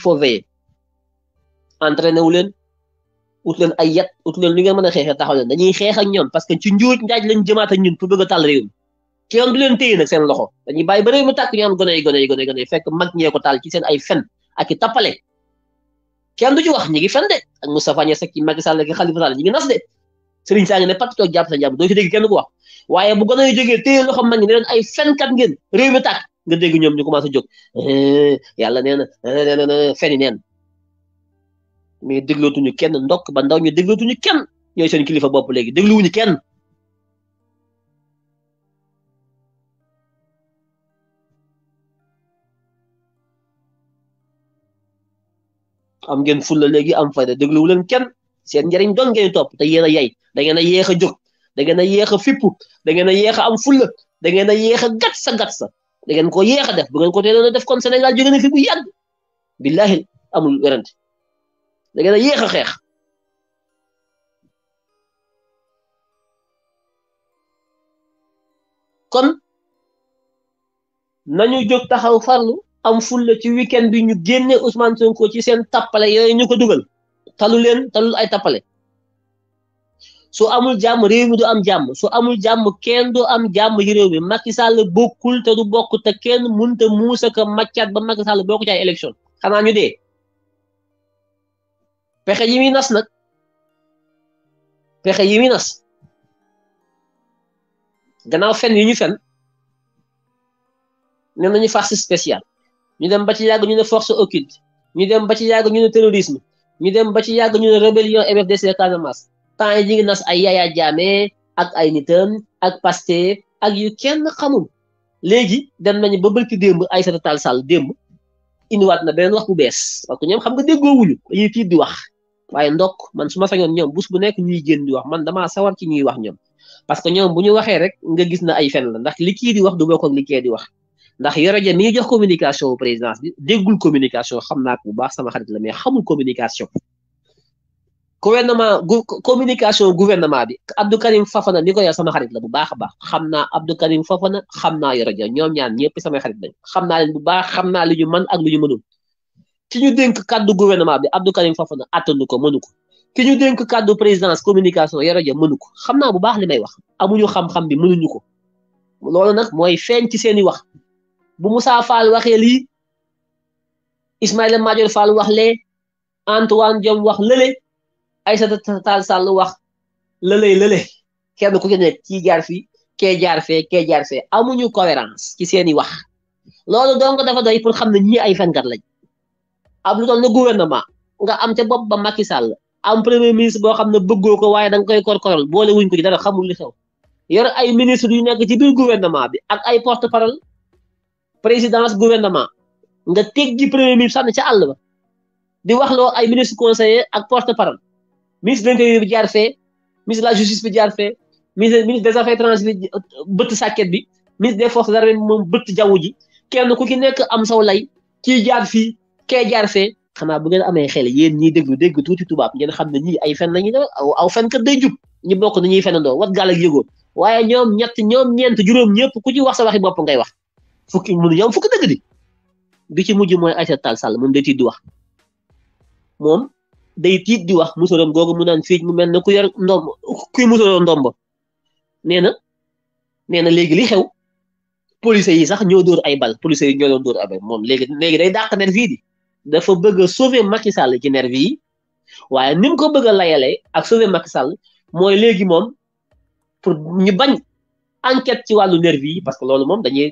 faut veiller ut leen ay yat ut li nga mëna a xeexee ya taxaw leen dañuy xeex ak ñoon parce que ci njuuj ndaj lañu jëmaata ñun pour bëgg tal réew ci yoon du leen téy nak seen loxo dañuy bay ba mu tak ñaan ñu am gone yi fekk mag ñe ko tal ci seen ay fen ak tapalé kenn du ci wax ñi ngi fen dé ak Moustapha Niasse ak mag Sall ak Khalifa Sall ñi ngi nas dé sëriñ saa ngi ne pat tok japp sa japp do ci dégg kenn ko wax waye bu gone yi téy loxo mag ñi leen ay kat ngeen réew mi tak nga dégg ñom ñu commencé jóg eh, yàlla eh, nee na fen yi mais déglootuñu kenn ndokk ba ndaw ñu déglootuñu kenn ñooy seen kilifa bopp léegi dégluwuñu kenn am ngeen fulla léegi am fayda dégluwu leen kenn seen njariñ doon ngeen topp te yéen a yay da ngeen a yéex a jóg da ngeen a yéex a fippu da ngeen a yéex a am fulla da ngeen a yéex a gat sa gat sa da ngeen ko yéex def bu ngeen ko te a def koom Sénégal jóge na fi bu yàgg billahi amul werante da ngeen a yéex a xeex kon na nañu jóg taxaw farlu am fulla ci weekend bi ñu génne Ousmane Sonko ci seen tappale yooyu ñu ko dugal talu leen talul ay tappale su amul jàmm réew mi du am jàmm su amul jàmm kenn du am jàmm ci réew mi Macky Sall bokkul te du bokk te kenn mënut a muus ak maccaat ba Macky Sall bokk ci ay élection xanaa ñu dee. pexe yi mi nas nag pexe yi muy nas gannaaw fen yi ñu fen ne nañu force spéciale ñu dem ba ci yàgg ñu ne force occulte ñu dem ba ci yàgg ñu ne terrorisme ñu dem ba ci yàgg ñu ne rébellion MFDC Casamance temps yi ñu ngi nas ay Yaya Jammeh ak ay nitam ak Pastef ak yu kenn xamul léegi dem nañu ba bëlki démb Aïssata Tall Sall démb indiwaat na beneen wax bu bees parce que ñoom xam nga déggoowuñu dañuy tiit di wax waye ndok man suma sañon ñom bus bu nek ñuy jënd di wax man dama sawar ci ñuy wax ñom parce que ñom bu ñu waxee rek nga gis na ay fenn la ndax li ki di wax du bokk ak li kee di wax ndax Yoro je mi jox communication présidence bi déggul communication xamna ko baax sama xarit la mais xamul communication gouvernement communication gouvernement bi Abdou Karim fafana ni ko sama xarit la bu baax hamna baax xamna Abdou Karim fafana xamna Yoro je ñom ñaan ñepp sama xarit lañ xamna bu baax xamna li ñu man ak lu ñu mënul ki ñu dénk kàddu gouvernement bi Abdou Karim Fofana attanu ko mënu ko ki ñu dénk kàddu présidence communication Yoro Dia mënu ko xam naa bu baax li may wax amuñu xam-xam bi mënuñu ko loolu nag mooy feeñ ci seeni wax bu Moussa fal waxee lii Ismaïla Madior Fall wax lee Antoine Diome wax lële Aïssata Tall Sall wax lële lële kenn ku ci nekk kii jaar fii kee jaar fee kee jaar fee amuñu cohérence ci seeni wax loolu donc dafa doy pour xam ne ñi ay fenkat lañ ab lu toll ne gouvernement nga am ca bopp ba Macky Sall am premier ministre boo xam ne bëggoo ko waaye da nga koy korkoral boole wuñ ko ci dara xamul li xew yor ay ministre yu nekk ci biir gouvernement bi ak ay porte parole présidence gouvernement nga teg ji premier ministre sànni ca àll ba di wax loo ay ministre conseiller ak porte parole ministre de l'intérieur bi jaar fee ministre la justice bi jar fee ministre ministre des affaires étrangères bi bëtt sàkket bi ministre des forces armées moom bëtt jaww ji kenn ku ci nekk am saw lay kii jaar fii kee jaar fee xanaa bu ngeen amee xel yéen ñiy déglu tu ti tubaab ngeen xam ne ñii ay fen lañuy def aw fen kat day jub ñu bokk nañuy fenandoo wat gaal ak waaye ñoom ñett ñoom ñeent juróom ñëpp ku ci wax sa waxi bopp ngay wax fukki mënu yow fukki bi ci mujj mooy Aïssata Tall Sall moom day di wax moom tiit di wax musoram googu mu naan fii mu mel ne ku yor ndomb kuy musoroo ndomb nee na nee na léegi li xew police yi sax ñoo dóor ay bal police yi ñoo doon dóor moom léegi léegi day dàq ne fii di dafa bëgg a sauver Macky Sall ci nervi yi waaye nu mu ko bëgg a layalee ak sauver Macky Sall mooy léegi moom pour ñu bañ enquête ci wàllu nervi yi parce que loolu moom dañuy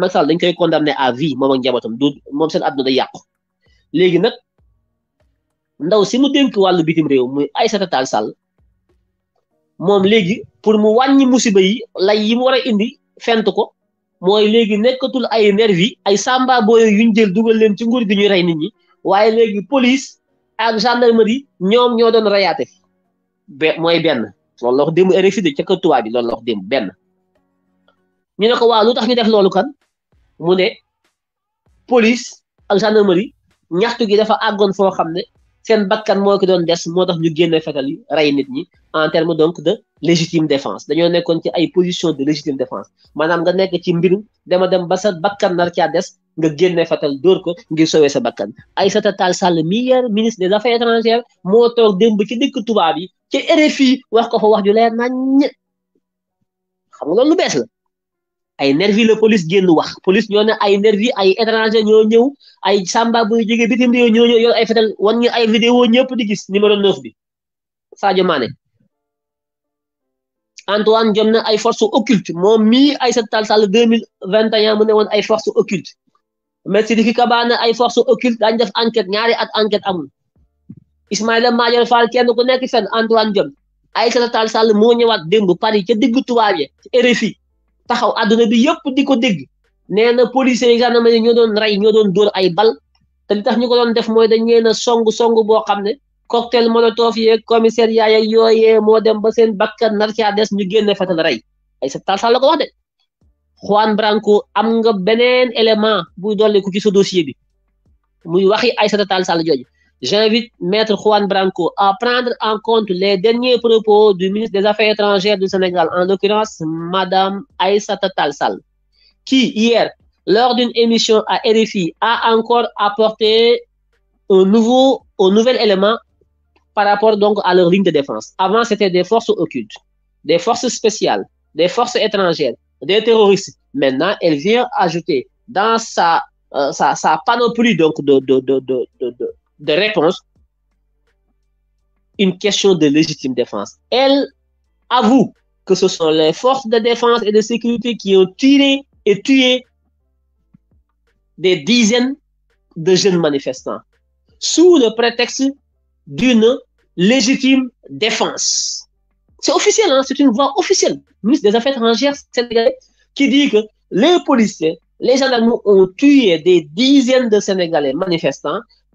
Macky Sall dañ koy condamné à vie moom ak njabootam du moom seen àdduna day yàqu léegi nag ndaw si mu dénk wàllu bitim réew muy Aïssata Tall Sall moom léegi pour mu wàññi musiba yi lay yi mu war a indi fent ko mooy léegi nekkatul ay nervi ay samba booy yuñ jël dugal leen ci nguur gi ñuy rey nit ñi waaye léegi police ak gendarmerie ñoom ñoo doon reyaate be mooy benn loolu la wax démb ca kër tubaab bi loolu la wax benn ñu ne ko waaw lu tax ñu def loolu kan mu ne police ak gendarmerie ñaxtu gi dafa àggoon foo xam ne seen bakkan moo ko doon des moo tax ñu génne fetal yi rey nit ñi en terme donc de légitime défense dañoo nekkoon ci ay position de légitime défense maanaam nga nekk ci mbiru dama dem ba sa bakkan nar caa des nga génne fetal dóor ko ngir sauver sa bakkan ay Aïssata Tall Sall mi ministre des affaires étrangères moo toog démb ci dëkk tubaab yi ci fii wax ko fa wax ju leer nañ xam nga loolu lu bees la ay nervi la police genn wax police ñoo ne ay nervi ay étranger ñoo ñëw ay samba bu jige bitim réew ñoo ñëw ay fetal won ñu ay vidéo ñëpp di gis numéro 9 bi Sadio Mané Antoine jom na ay force occulte mi ay sa tal sal 2021 mu ne won ay force occulte mais ci Kaba kabana ay force occulte dañ def enquête ñaari at enquête amul Ismaïla majeur Fall kenn ku nekk fenn Antoine ay sa tal sal mo ñëwaat dembu Paris ci digg tubaab RFI taxaw àdduna bi yëpp di ko dégg nee na policiers yi gendarmerie ñoo doon rey ñoo doon dóor ay bal te li tax ñu ko doon def mooy dañ leen a song song boo xam ne cocktail molotov yeeg commissaire yaay ak yooyee moo dem ba seen bakkan nar caa des ñu génne fetal rey ay sa tal la ko wax de am nga beneen élément buy dolli ku ci sa dossier bi muy waxi Aïssata saal Sall jooju J'invite Maître Juan Branco à prendre en compte les derniers propos du ministre des Affaires étrangères du Sénégal, en l'occurrence Madame Aïssa Talsal, qui hier, lors d'une émission à RFI, a encore apporté un nouveau, un nouvel élément par rapport donc à leur ligne de défense. Avant, c'était des forces occultes, des forces spéciales, des forces étrangères, des terroristes. Maintenant, elle vient ajouter dans sa, euh, panoplie donc de, de de réponse une question de légitime défense. Elle avoue que ce sont les forces de défense et de sécurité qui ont tiré et tué des dizaines de jeunes manifestants sous le prétexte d'une légitime défense. C'est officiel, hein, c'est une voix officielle. Le ministre des Affaires étrangères sénégalais qui dit que les policiers, les gendarmes ont tué des dizaines de Sénégalais manifestants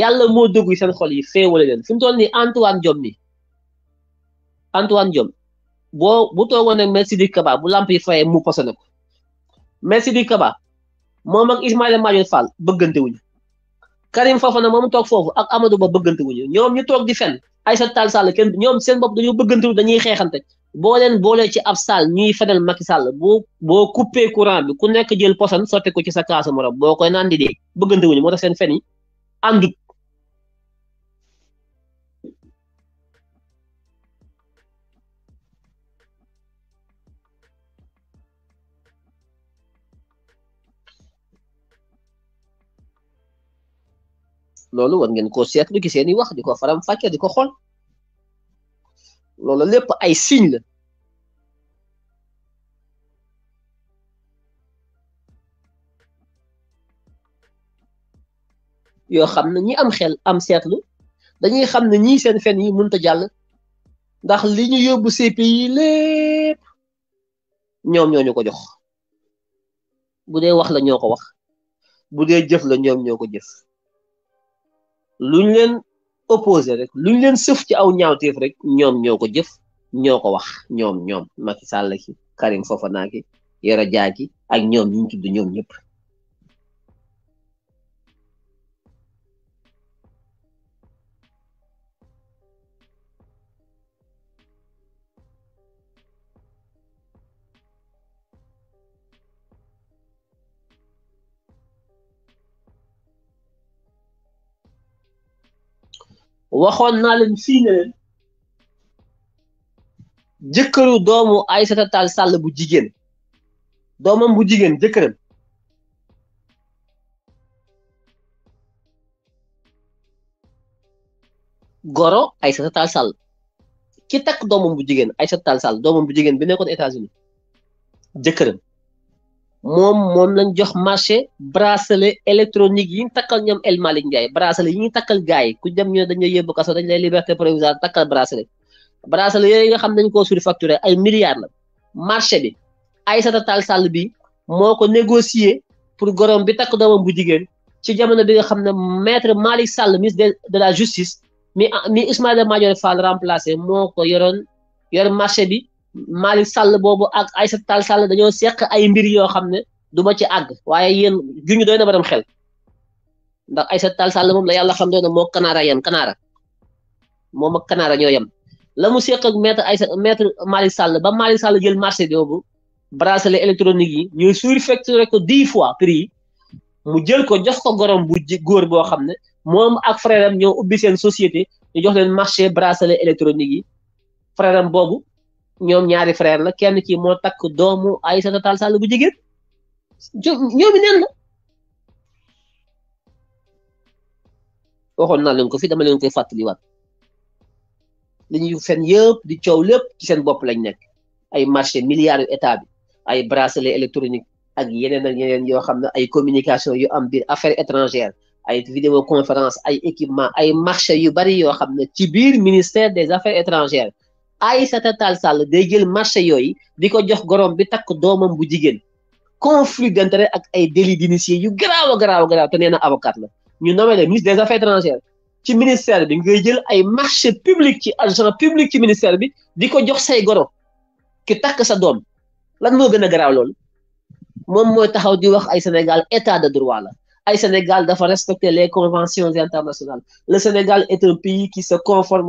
yàlla moo dugg seen xol yi féewale leen fi mu toll nii Antoine Diome ni Antoine Diome boo bu toogoon ne Maître Sidiki Kaba bu lamp yi mu posé na ko Maître Sidiki Kaba moom ak Ismaïla Madior Fall bëggante wuñu Karim Fofana moom toog foofu ak Amadou Ba bëggante wuñu ñoom ñu toog di ay Aïssata Tall Sall kenn ñoom seen bopp dañoo bëggante wu dañuy xeexante booleen boolee ci ab saal ñuy fenal Macky Sall boo boo coupé courant bi ku nekk jël posan sotti ko ci sa kaasu mo boo koy naan bëggante wuñu moo seen fen yi Anggit. Lolo wan ngeen kosiat seetlu ci seeni wax di ko faram fàcce di ko xool loolu ay signe la yoo xam ne ñi am xel am seetlu dañuy xam ne ñii seen fen yi mënut a jàll ndax li ñu yóbbu CPI yi ñoom ñoo ko jox bu dee wax la ñoo ko wax bu dee jëf la ñoom ñoo ko jëf luñ leen opposé rek luñ leen sëf ci aw ñaawteef rek ñoom ñoo ko jëf ñoo ko wax ñoom ñoom Macky Sall ki Karim Fofana ki Yoro Dia ki ak ñoom ñu tudd ñoom ñëpp. waxoon naa leen fii ne leen jëkkëru doomu Aïssata Tall Sall bu jigéen doomam bu jigéen jëkkëram goro ay Tall Sall ki takk doomam bu jigéen Aïssata Tall Sall doomam bu jigéen bi nekkoon États-Unis jëkkëram moom moom lañ jox marché bracelet électronique yi ñu takkal ñoom El Malick Ndiaye bracelet yi ñu takkal gars yi ku dem ñu dañu lay yóbbu kaso dañu lay liberté provisoire takkal bracelet bracelet yooyu nga xam dañ koo surfacturé ay milliards la marché bi Aïssata Tall Sall bi moo ko négocié pour gorom bi takk doomam bu jigéen ci jamono bi nga xam ne maître Malick Sall ministre de de la justice mi mi Ismaïla Madior Fall remplacé moo ko yoroon yor marché bi. Malick Sall boobu ak Aïssata Tall Sall dañoo seq ay mbir yoo xam ne duma ci àgg waaye yéen juñu doy na ba dem xel ndax ay sa Tall Sall moom la yàlla xam doy na moo kanaara yem kanaara moom a kanaara ñoo yam la mu seq ak maître Aïssata maître Malick Sall ba Malick Sall jël marché boobu bracelet électronique yi ñuy surfacturé ko dix fois prix yi mu jël ko jox ko gorom bu góor boo xam ne moom ak frère am ñoo ubbi seen société ñu jox leen marché bracelet électronique yi frère boobu. ñoom ñaari frère la kenn ki moo takk doomu Aïssata Tall Sall bu jigéen ñoomi neen la waxoon naa leen ko fi dama leen koy fàttaliwaat li ñuy fen yëpp di coow lépp ci seen bopp lañ nekk ay marché milliards yu état bi ay bracelet électroniques ak yeneen ak yeneen yoo xam ne ay communication yu am biir affaires étrangères ay vidéo vidéoconférence ay équipement ay marché yu bari yoo xam ne ci biir ministère des affaires étrangères ay Aïssata Tall Sall day jël marché yooyu di ko jox gorom bi takk doomam bu jigéen conflit d'intérêt ak ay di d'initié yu garaaw a garaaw garaaw te nee na avocat la ñu nommé le ministre des affaires étrangères ci ministère bi ngay jël ay marché public ci agent public ci ministère bi di ko jox say goro ki takk sa doom lan moo gën a garaaw lool moom mooy taxaw di wax ay Sénégal état de droit la Le Sénégal doit respecter les conventions internationales le Sénégal est un pays qui se conforme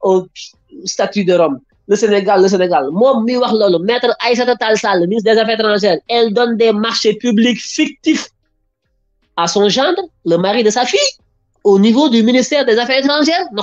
au statut de Rome le Sénégal le Sénégal Moi, mi maître Aïssata Tall le ministre des affaires étrangères elle donne des marchés publics fictifs à son gendre le mari de sa fille au niveau du ministère des affaires étrangères nous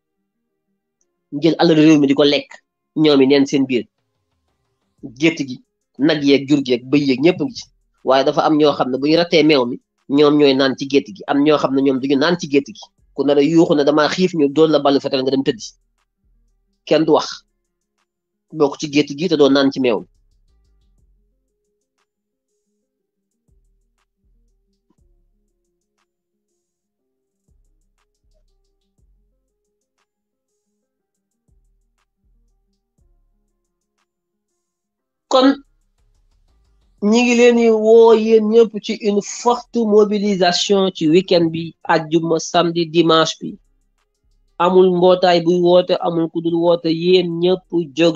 jël alal réew mi di ko lekk ñoom i neen seen biir gétt gi nag yeeg jur geeg bëy yeeg ñëpp ngi ci waaye dafa am ñoo xam ne bu ñu rattee meew mi ñoom ñooy naan ci gétt gi am ñoo xam ne ñoom duñu naan ci gétt gi ku na a yuuxu ne damaa xiif ñu doon la ballu fetal nga dem tëddi kenn du wax bokk ci gétt gi te doo naan ci meew mi kon ñi ngi leen di woo yéen ñëpp ci une forte mobilisation ci week-end bi àjjuma samedi dimanche bi amul mbootaay buy woote amul ku dul woote yéen ñëpp jóg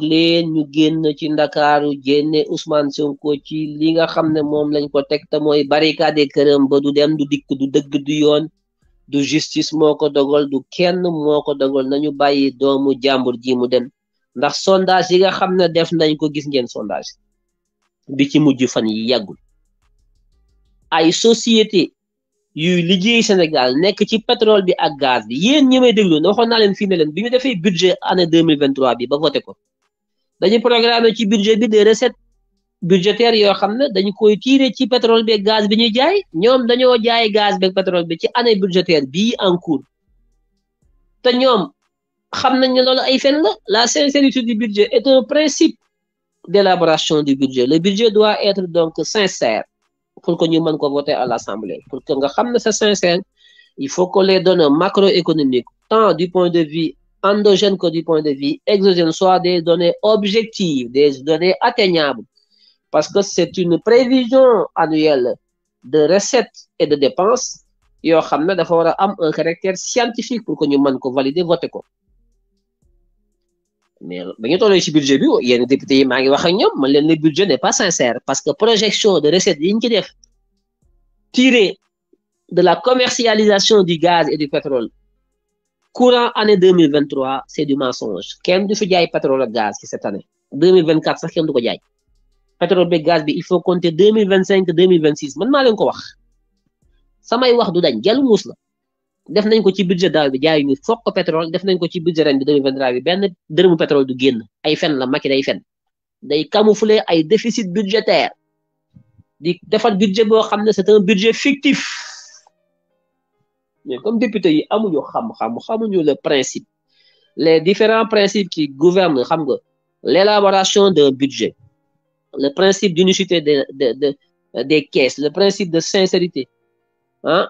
ñu génn ci ndakaaru génne Ousmane Sonko ci li nga xam ne moom lañ ko teg te mooy barricade këram ba du dem du dikk du dëgg du yoon du justice moo ko dogal du kenn moo ko dogal nañu bàyyi doomu jàmbur ji mu dem ndax sondage yi nga xam ne def nañ ko gis ngeen sondage bi ci mujj fan yi yàggul ay société yuy liggéey Sénégal nekk ci pétrole bi ak gaz bi yéen ñi may déglu waxoon naa leen fii ne leen bi ñu defee budget année deux mille vingt trois bi ba voté ko dañu programme ci budget bi des recettes budgétaires yoo xam ne dañu koy tiire ci pétrole bi ak gaz bi ñuy jaay ñoom dañoo jaay gaz bi ak pétrole bi ci année budgétaire bii en cours te ñoom la sincérité du budget est un principe d'élaboration du budget le budget doit être donc sincère pour que nous mën voter à l'Assemblée pour que nous xam ne c'est il faut que les données macroéconomiques tant du point de vue endogène que du point de vue exogène soient des données objectives des données atteignables parce que c'est une prévision annuelle de recettes et de dépenses Il faut avoir un caractère scientifique pour que nous mën valider voter ko mais ba ñu ci budget bi député yi maa ngi wax le budget n'est pas sincère parce que projection de recettes yi ñu de la commercialisation du gaz et du pétrole courant année 2023, c'est du mensonge kenn du fi jaay pétrole ak gaz cette année 2024, ça sax kenn du ko pétrole bi gaz il faut compter 2025-2026. Maintenant, man ma leen ko wax samay wax du dañ def nañ ko ci budget daaw bi jaay ñu foog pétrole def nañ ko ci budget ren bi 2023 bi benn dërëmu pétrole du génn ay fen la Macky day fen day camoufler ay déficit budgétaire di defar budget boo xam ne c'est un budget fictif mais comme député yi amuñu xam-xam xamuñu le principe les différents principes qui gouvernent xam nga l'élaboration d'un budget le principe d'unicité de de de des caisses le principe de sincérité hein.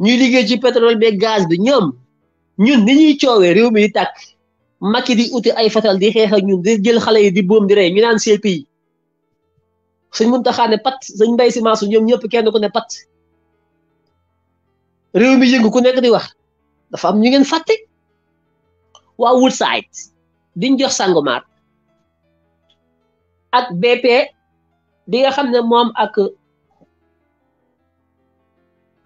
ñuy liggéey ci pétrole bi gaz bi ñoom ñun ni ñuy coowee réew mi di tàkk Macky di uti ay fatal di xeex ak ñun di jël xale yi di boom di rey ñu naan CPI suñ Muntaxa ne pat suñ Mbay Si ñoom ñëpp kenn ku ne pat réew mi yëngu ku nekk di wax dafa am ñu ngeen fàtte waa Woodside diñ jox Sangomar ak BP bi nga xam ne moom ak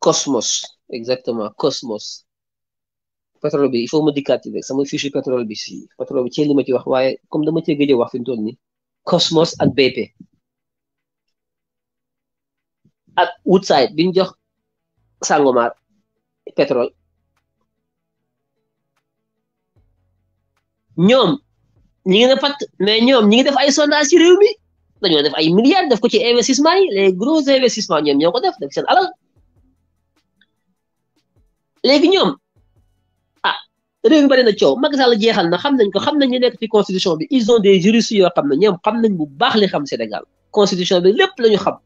Cosmos exactement Cosmos pétrole bi il faut ma dikkaat ci sama fiche pétrole bi si pétrole bi ci li ma ci wax waaye comme dama cee gëj a wax fi mu toll Cosmos ak BP ak Woodside bi ñu jox Sangomar pétrole ñoom ñi ngi ne pat mais ñoom ñi ngi def ay sondage ci réew mi dañoo def ay milliards def ko ci investissement yi les gros investissement ñoom ñoo ko def def seen alal. léegi ñoom ah réew mi bari na coow Macky Sall jeexal na xam nañ ko xam nañ nekk ci constitution bi ils des juristes yoo xam ne ñoom xam nañ bu baax li xam Sénégal constitution bi lépp la ñu xam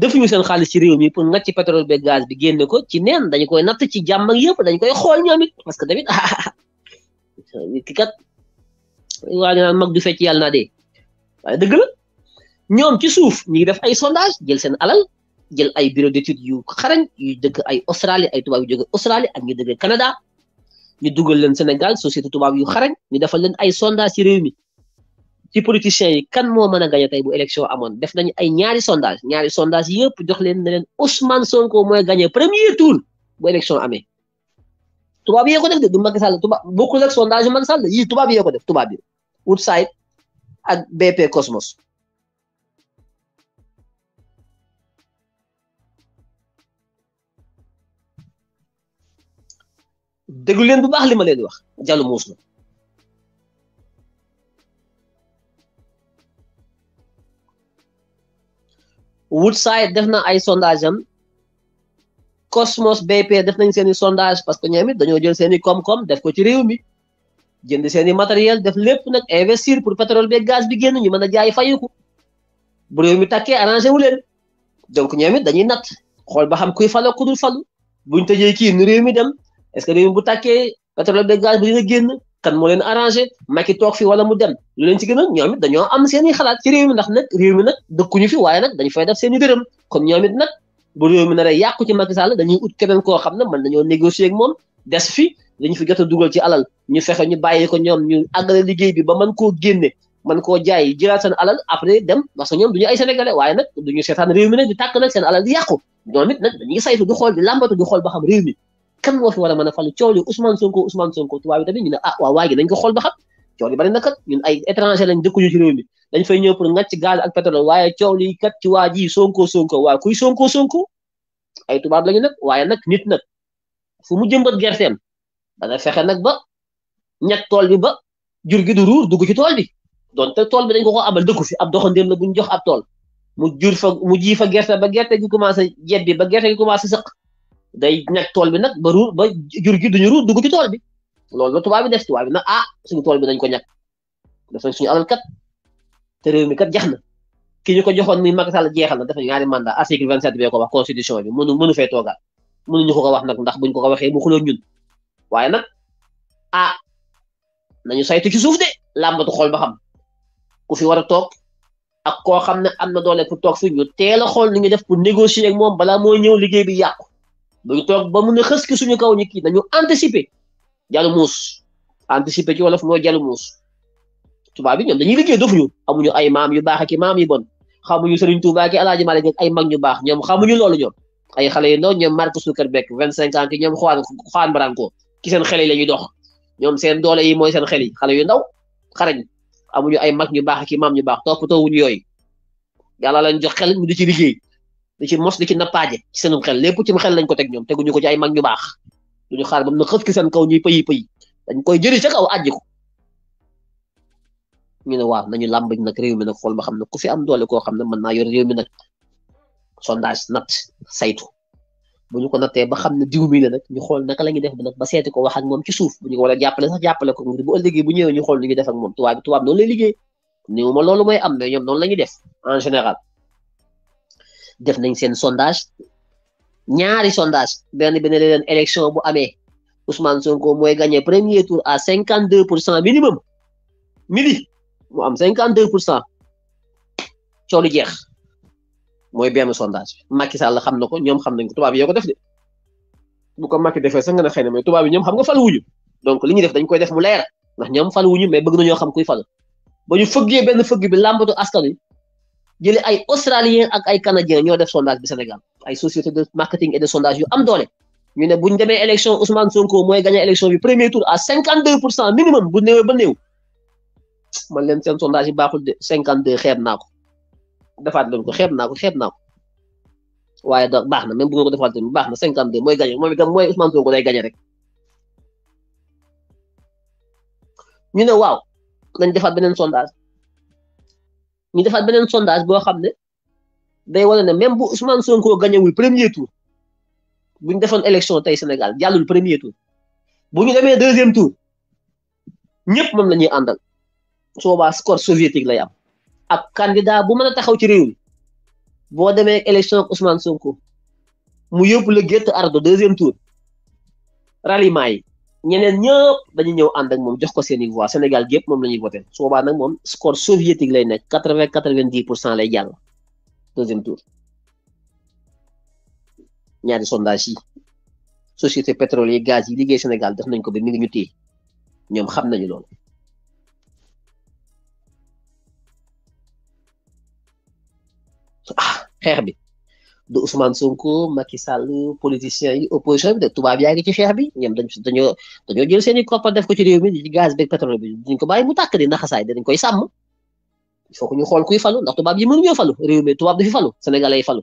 defuñu seen xaalis ci réew mi pour nga ci pétrole be gaz bi génne ko ci neen dañ koy natt ci jàmm yëpp dañ koy xool ñoom parce que tamit ah, ah, ah ki kat waa naan mag du fecc yàlla naa dee waaye dëgg ñoom ci suuf ñu ngi def ay sondage jël seen alal. jël ay bureau d'études yu xarañ yu dëkk ay Australie ay tubaab yu jóge Australie ak ñu dëkk Canada ñu dugal leen Sénégal société tubaab yu xarañ ñu defal leen ay sondage ci réew mi ci politiciens yi kan moo mën a gañe tey bu élection amoon def nañu ay ñaari sondage ñaari sondage yëpp jox leen ne leen Ousmane Sonko mooy gañe premier tour bu élection amee tubaab yee def de du Macky Sall tubaab bokkul ak sondage yu Macky Sall yii tubaab yee ko def tubaab yi Woodside ak BP Cosmos déglu leen bu baax li ma leen wax jalu muus na Woodside def na ay sondage am Cosmos BP def nañ seeni sondage parce que ñoom dañoo jël seeni koom-koom def ko ci réew mi jënd seeni matériel def lépp nag investir pour pétrole bi gaz bi génn ñu mën a jaay fayiku bu réew mi takkee arrangé wu leen donc ñoom dañuy natt xool ba xam kuy falo ku dul falu buñ tëjee kii nu réew mi dem parce que réew mi bu tàkkee pétrole de gaz bi dina génn kan moo leen fi wala mu dem lu leen ci gën a ñoom dañoo am seeni xalaat ci réew mi ndax nag réew mi nag dëkkuñu nag dañu fay def seeni dërëm kon ñoom it réew mi nar a yàqu ci Macky Sall dañuy ut keneen koo xam ne mën nañoo négocier ak moom des fi dañu fi jot dugal ci alal ñu fexe ñu bàyyi ko ñoom ñu àggale liggéey bi ba mën koo génne mën koo jaay jëlaat seen alal après dem parce que ñoom duñu waaye nag duñu seetaan réew mi nag di tàkk nag seen alal di yàqu ñoom it nag dañuy saytu xool di làmbatu di xool ba xam réew mi kan moo fi war a mën a falu coow li Ousmane Sonko Ousmane Sonko tubaab bi tamit ñu ne ah waa waa ji dañ ko xool ba xam coow bari na kat ñun ay étranger lañ dëkkuñu ci réew mi dañ fay ñëw pour ngàcc gaz ak pétrole waaye coow li kat ci waa ji Sonko Sonko waaye kuy Sonko Sonko ay tubaab lañu nag waaye nag nit nag fu mu jëmbat gerteem dana fexe nag ba ñett tool bi ba jur gi du dugg ci tool bi donte tool bi dañ ko ko abal dëkku fi ab doxandéem la buñ jox ab tool mu jur fa mu ji fa gerte ba gerte gi commencé jebbi ba gerte gi commencé sëq day nekk tool bi nag ba ruur ba jur gi ñu ruur duggu ci tool bi loolu la tubaab bi des tubaab bi nag ah suñu tool bi dañ ko ñàkk dafa suñu alal te réew mi kat jeex na ki ñu ko joxoon muy Macky Sall jeexal na dafa ñaari mandat article 27 bee ko wax constitution bi mënu mënu fee toogaat mënuñu ko ko wax nag ndax buñ ko ko waxee mu xuloo ñun waaye nag ah nañu saytu ci suuf de làmbatu xool ba xam ku fi war a toog ak koo xam ne am na doole pour toog fi ñu teel a xool ni ñu def pour négocier ak moom balaa moo ñëw liggéey bi yàqu. duñu toog ba mun a xës ki suñu kaw ñu kii nañu anticiper jalu muus anticiper ci wolof mooy jalu muus tubaab bi ñoom dañuy liggéey dofuñu amuñu ay maam yu baax ak maam yu bon xamuñu Sëriñ Tuubaa ki Alaaji Maalik ak ay mag ñu baax ñoom xamuñu loolu ñoom ay xale yu ndaw ñoom Mark Zuckerberg vingt cinq ans ki ñoom Juan Juan Branco ki seen xel yi la ñuy dox ñoom seen doole yi mooy seen xel yi xale yu ndaw xarañ amuñu ay mag ñu baax ak maam ñu baax toppatoo wuñu yooyu yàlla lañ jox xel mu di ci liggéey di ci mos di ci nappaaje ci seenum xel lépp ci xel lañ ko teg ñoom teguñu ko ci ay mag ñu baax duñu xaar bam na xës ki seen kaw ñuy pëyi pëyi dañ koy jëri ca kaw àjji ko ñu ne waaw nañu làmbañ nag réew mi xool ba xam ne ku fi am doole koo xam ne mën naa yor réew mi nag sondage nat saytu bu ñu ko nattee ba xam ne diw mi la nag ñu xool naka la ñuy def bi nag ba seeti ko wax ak moom ci suuf bu ñu war a jàppale sax jàppale ko ngir bu ëllëgee bu ñëwee ñu xool lu ñu def ak moom tubaab bi tubaab noonu lay liggéey ni ma loolu mooy am mais ñoom noonu la ñuy def en général def nañ seen sondage ñaari sondage benn bi ne leen élection bu amee Ousmane Sonko mooy gagné premier tour à cinquante deux pour cent minimum midi mu am cinquante deux pour cent coow lu jeex mooy benn sondage bi Macky Sall xam na ko ñoom xam nañ ko tubaab yoo ko def de bu ko Macky defee sax nga ne xëy na mais tubaab yi ñoom xam nga fal wuñu donc li ñuy def dañ koy def mu leer ndax ñoom fal wuñu mais bëgg nañoo xam kuy fal ba ñu fëggee benn fëgg bi làmbatu askan wi jële ay australien ak ay canadien ñoo def sondage bi Sénégal ay société de marketing et de sondage yu am doole ñu ne bu ñu demee élection Ousmane Sonko mooy gagné élection bi premier tour à cinquante deux pour cent minimum bu néewee ba néew man leen seen sondage yi baaxul de cinquante deux xeet naa ko defaat leen ko xeeb naa ko xeeb naa waaye da baax na même bu nga ko defaat leen baax na cinquante deux mooy gagné moom itam mooy Ousmane Sonko day gagné rek ñu ne waaw nañ defaat beneen sondage. ñu defaat beneen sondage boo xam ne day wane ne même bu Ousmane Sonko gañewul premier tour bu ñu defoon élection tey Sénégal jàllul premier tour bu ñu demee deuxième tour ñëpp moom la ñuy àndal su boobaa score soviétique lay am ak candidat bu mën a taxaw ci réew mi boo demee élection ak Ousmane Sonko mu yóbbu la gétt ardo deuxième tour ralliement yi ñeneen ñëpp dañu ñëw ànd ak moom jox ko seeni i voix Sénégal gi moom la ñuy voté su nag moom score soviétique lay nekk quatre vingt quatre vingt dix pour cent lay jàll deuxième ñaari sondage yi société pétrole yi liggéey Sénégal def nañ ko ba mi ngi ñu téye ñoom xam nañu loolu ah xeex bi du Ousmane Sonko Macky Sall politiciens yi opposition bi de tubaab yaa ngi ci xeex bi ñoom dañ dañoo dañoo jël seen i koppar def ko ci réew mi di gaz beeg pétrole bi duñ ko bàyyi mu tàkk di naxasaay dinañ koy sàmm il faut que ñu xool kuy falu ndax tubaab yi mënuñoo falu réew falu sénégalais yi falu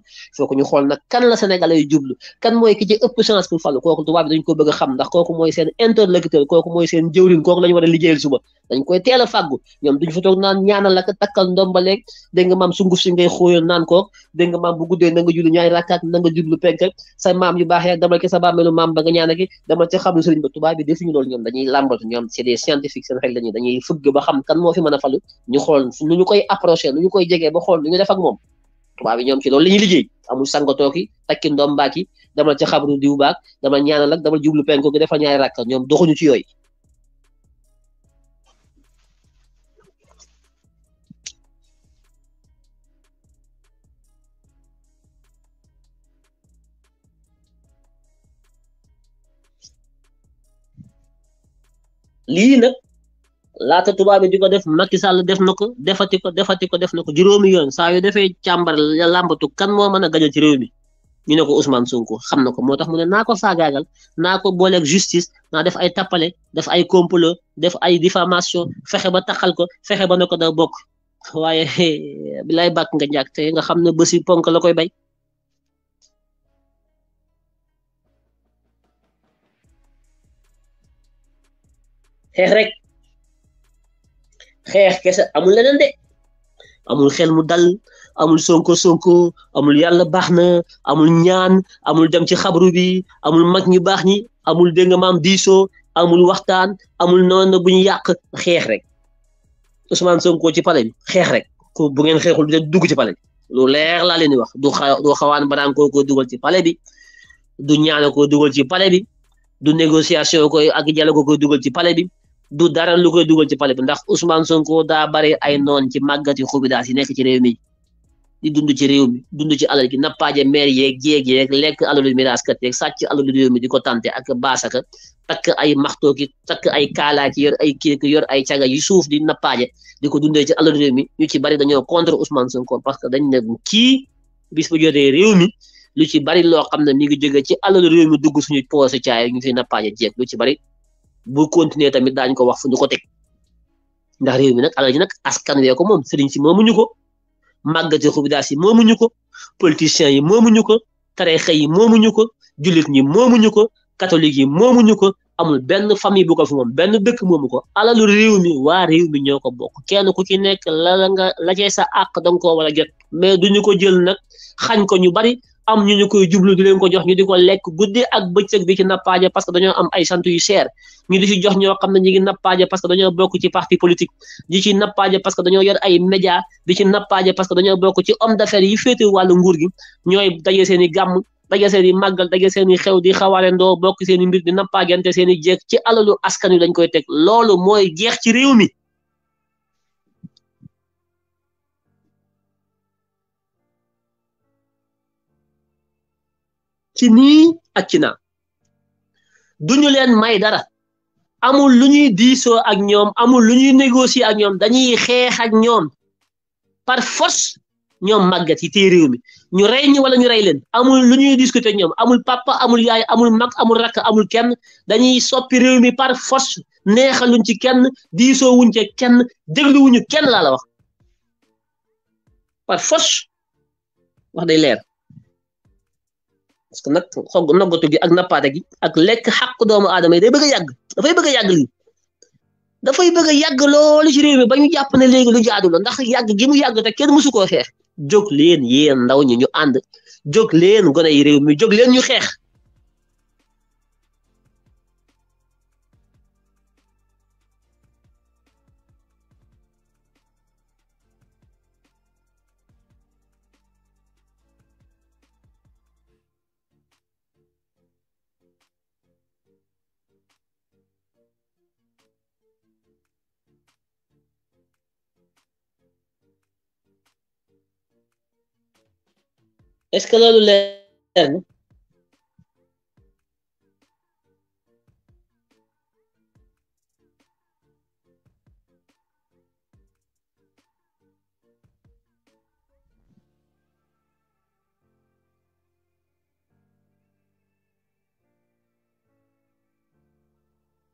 dañ ko bëgg xam ndax kooku mooy seen interlocuteur kooku mooy seen jëwriñ kooku la ñu war a liggéeyal suba dañ koy teel a fàggu ñoom duñu fa toog naan ñaanal kook dégg nga ba xam kan moo fi mën falu ñu xool nu ñu koy koy approché nu ñu koy jege ba xool nu ñu def ak moom tubaab yi ñoom ci loolu la ñuy liggéey amul sangotooki takki ndoom mbaaki dama ci xabru diw baak dama ñaanal ak dama jublu penko gi dafa ñaari rakk ñoom doxuñu ci yooyu lii laata tubaab bi di ko def Macky Sall def na ko defati ko ko def na ko juróomi yoon saa yu defee càmbar làmbatu kan moo mën a gaño ci réew mi ñu ne ko Ousmane Sonko xam na ko moo tax mu ne naa ko saagaagal naa ko booleeg justice naa def ay tappale def ay complot def ay diffamation fexe ba taxal ko fexe ba ne ko da bokk waaye bi lay bàkk nga njàkk te nga xam ne bési ponk la koy bay xeex rek xeex kese amul leneen de amul xel mu dal amul sonko sonko amul yàlla baax na amul ñaan amul dem ci xabru bi amul mag ñu baax ñi amul dégg nga maam diisoo amul waxtaan amul noonu bu ñu yàq xeex rek Ousmane Sonko ci pale bi xeex rek ko bu ngeen xeexul du dugg ci pale bi lu leer laa leen di wax du xawaan banaan ko dugal ci pale bi du ñaana ko dugal ci pale bi du négociation koy ak jàll ko koy dugal ci pale bi du dara lu koy dugal ci pale bi ndax Ousmane Sonko daa bari ay noon ci màggati xubidaas yi nekk ci réew mi di dund ci réew mi dund ci alal gi nappaaje maire yeeg jéeg yeeg lekk alalu miraaskat yeeg sàcc alalu réew mi di ko tante ak baasaka takk ay maxtoo ki takk ay kaalaa ki yor ay kéek yor ay caga yi suuf di nappaaje di ko dundee ci alalu réew mi ñu ci bari dañoo contre Ousmane Sonko parce que dañ ne kii bis bu jotee réew mi lu ci bari loo xam ne ni ngi jege ci alalu réew mi dugg suñu poche caay ñu fi nappaaje jéeg lu ci bari bu continuer tamit daañu ko wax fu ñu ko teg ndax réew mi nag alal ji nag askan wee ko moom sëriñ si moomuñu ko màggati xubidaas yi moomuñu ko politiciens yi moomuñu ko tareexa yi moomuñu ko jullit ñi moomuñu ko catholique yi moomuñu ko amul benn famille bu ko fi benn dëkk moomu ko alalu réew mi waa réew mi ñoo ko bokk kenn ku ci nekk la nga la cee sa àq danga koo jot mais duñu ko jël nag xañ ko ñu bari am ñu ñu koy jublu di leen ko jox ñu di ko lekk guddi ak bëccëg di ci nappaaje parce que dañoo am ay sant yu cher ñu ñoo xam ne ñu ngi nappaaje que dañoo bokk ci parti politique di ci nappaaje parce que dañoo yor ay média di ci nappaaje parce que dañoo bokk ci homme d'affaires yi féete wàllu nguur gi ñooy daje seeni i gàmm daje seen i màggal daje seen i xew di xawaarendoo bokk seen i mbir di nappaajante seeni i ci alalu askan wi lañ koy teg loolu mooy jeex ci réew mi ci nii ak ci naa duñu leen may dara amul lu ñuy diisoo ak ñoom amul lu ñuy négocier ak ñoom dañuy xeex ak ñoom par force ñoom màggat yi téye réew mi ñu rey ñu wala ñu rey leen amul lu ñuy discuter ñoom amul papa amul yaay amul mag amul rakk amul kenn dañuy soppi réew mi par force neexaluñ ci kenn diisoo wuñ ci kenn dégluwuñu kenn laa la wax par force wax day leer parce que nag xog noggatu gi ak nappaate gi ak lekk xàq doomu aadama yi day bëgg a yàgg dafay bëgg a yàgg lii dafay bëgg a yàgg loolu ci réew mi ba ñu jàpp ne léegi lu jaadu la ndax yàgg gi mu yàgg te kenn mësu koo xeex jóg leen yéen ndaw ñi ñu ànd jóg leen gone yi réew mi jóg leen ñu xeex Escalou Lulerno.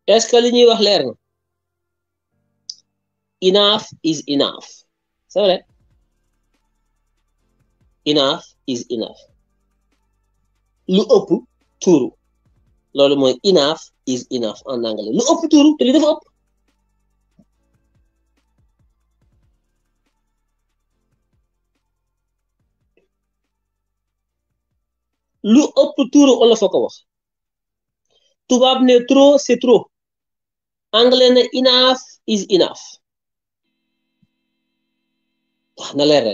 est-ce que enough is enough c'est vrai enough is enough lu ëpp tuuru loolu mooy enough is enough en anglais lu ëpp tuuru te li dafa lu ëpp tuuru olof a ko wax tubaab ne trop c'est trop anglais ne enough is enough wax na leer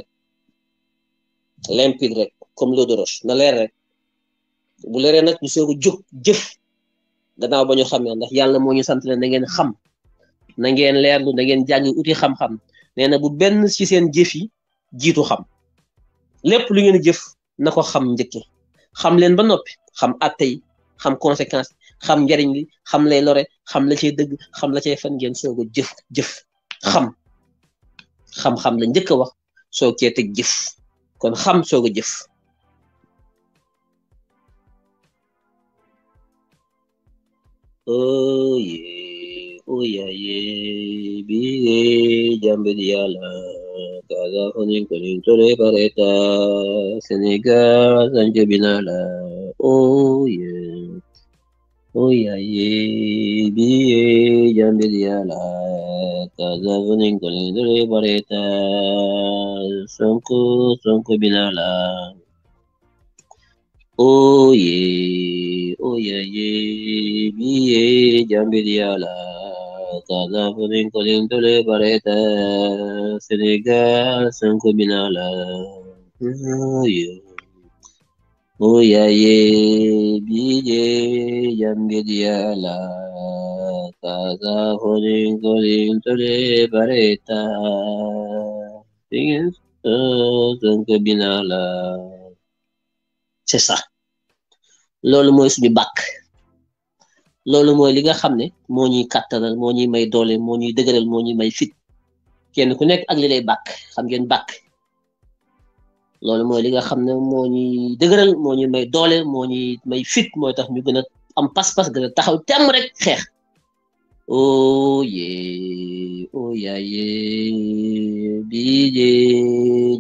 limpide rek comme l'eau de roche na leer rek bu leeree nag ñu soog a jëf gannaaw ba ñu xamee ndax yàlla moo ñu sant leen na ngeen xam na ngeen leerlu na ngeen jàngi uti xam-xam nee na bu benn ci seen jëf yi jiitu xam lépp lu ngeen jëf na ko xam njëkke xam leen ba noppi xam atte yi xam conséquence xam njariñ li xam lay lore xam la cay dëgg xam la cay fan ngeen soog a jëf jëf xam xam-xam la njëkk a wax soo cee jëf kon xam soog a jëf oye oyaye bige jambe diyala kaza onin konin tore pareta senegal sanje binala oye oyaye bige jambe diyala Kadavun ingdoling dole bareta sonko sonko binala. Oye oye ye biye jambidiala. Kadavun ingdoling dole bareta Senegal sonko binala. Oye oye ye biye तदा हुरिं गुरिं तुरे भरेता binala c'est ça loolu mooy suñu bàkk loolu mooy li nga xam ne ñuy kàttanal moo ñuy may doole moo ñuy dëgëral moo ñuy may fit kenn ku nekk ak li lay bàkk xam ngeen bàkk loolu mooy li nga xam ne ñuy dëgëral moo ñuy may doole moo ñuy may fit mooy tax ñu gën am pas-pas gën taxaw temm rek xeex Oh ye, oh ya ye, bije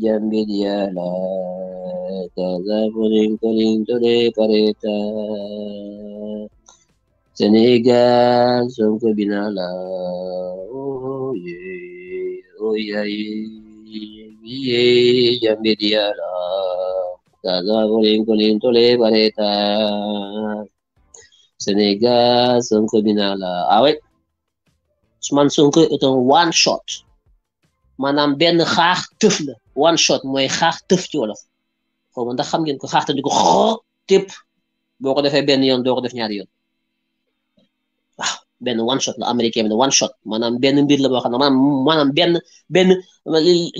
jambi diala, taza puring tole tore pareta. Senegal songko binala, oh ye, oh ya ye, bije jambi diala, kaza puring kuring tore pareta. Senegal songko binala, awet. Ah, Ousmane Sonko est un one shot maanaam benn xaax tëf la one shot mooy xaax tëf ci wolof xaw ma ndax xam ngeen ko xaax te di ko xoo tépp boo ko defee benn yoon doo ko def ñaari yoon waaw benn one shot la américain bi la one shot maanaam benn mbir la boo xam ne maanaam maanaam benn benn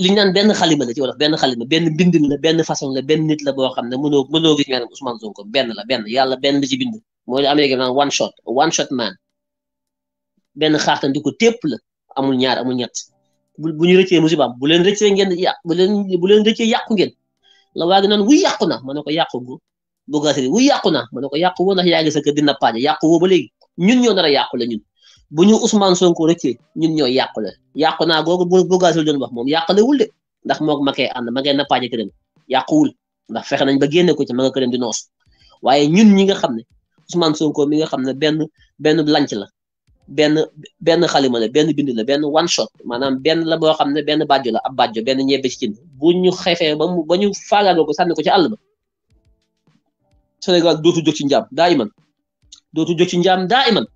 li ñu naan benn xalima la ci wolof benn xalima benn mbindin la benn façon la benn nit la boo xam ne mënoo mënoo gis ñaari Ousmane Sonko benn la benn yàlla benn la ci bind mooy la américain bi naan one shot one benn xaartan di ko tépp la amul ñaar amul ñett bu ñu rëccee musibaam bu leen rëccee ngeen yàq bu leen bu leen rëccee yàqu ngeen la waa gi naan wuy yàqu na ma ne ko yàqu gu bogasiri wuy yàqu na ma ne ko yàqu woo ndax yaa ngi sa kër dina paaje yàqu woo ba léegi ñun ñoo nar a yàqu la ñun bu ñu Ousmane Sonko rëccee ñun ñoo yàqu la yàqu naa googu bogasiri doon wax moom yàqalewul de ndax mook makee ànd ma ngeen na paaje këram yàquwul ndax fexe nañ ba génne ko ci ma nga këram di noos waaye ñun ñi nga xam ne Ousmane Sonko mi nga xam ne benn benn lanc la benn benn xalima la benn bind la benn one shot maanaam benn la boo xam ne benn bàjjo la ab bàjjo benn ñebe ci cin bu ñu xefee ba mu ba ñu faagaaloo ko sànni ko ci àll ba Sénégal dootu jóg ci njaam daa iman dootu jóg ci njaam daa iman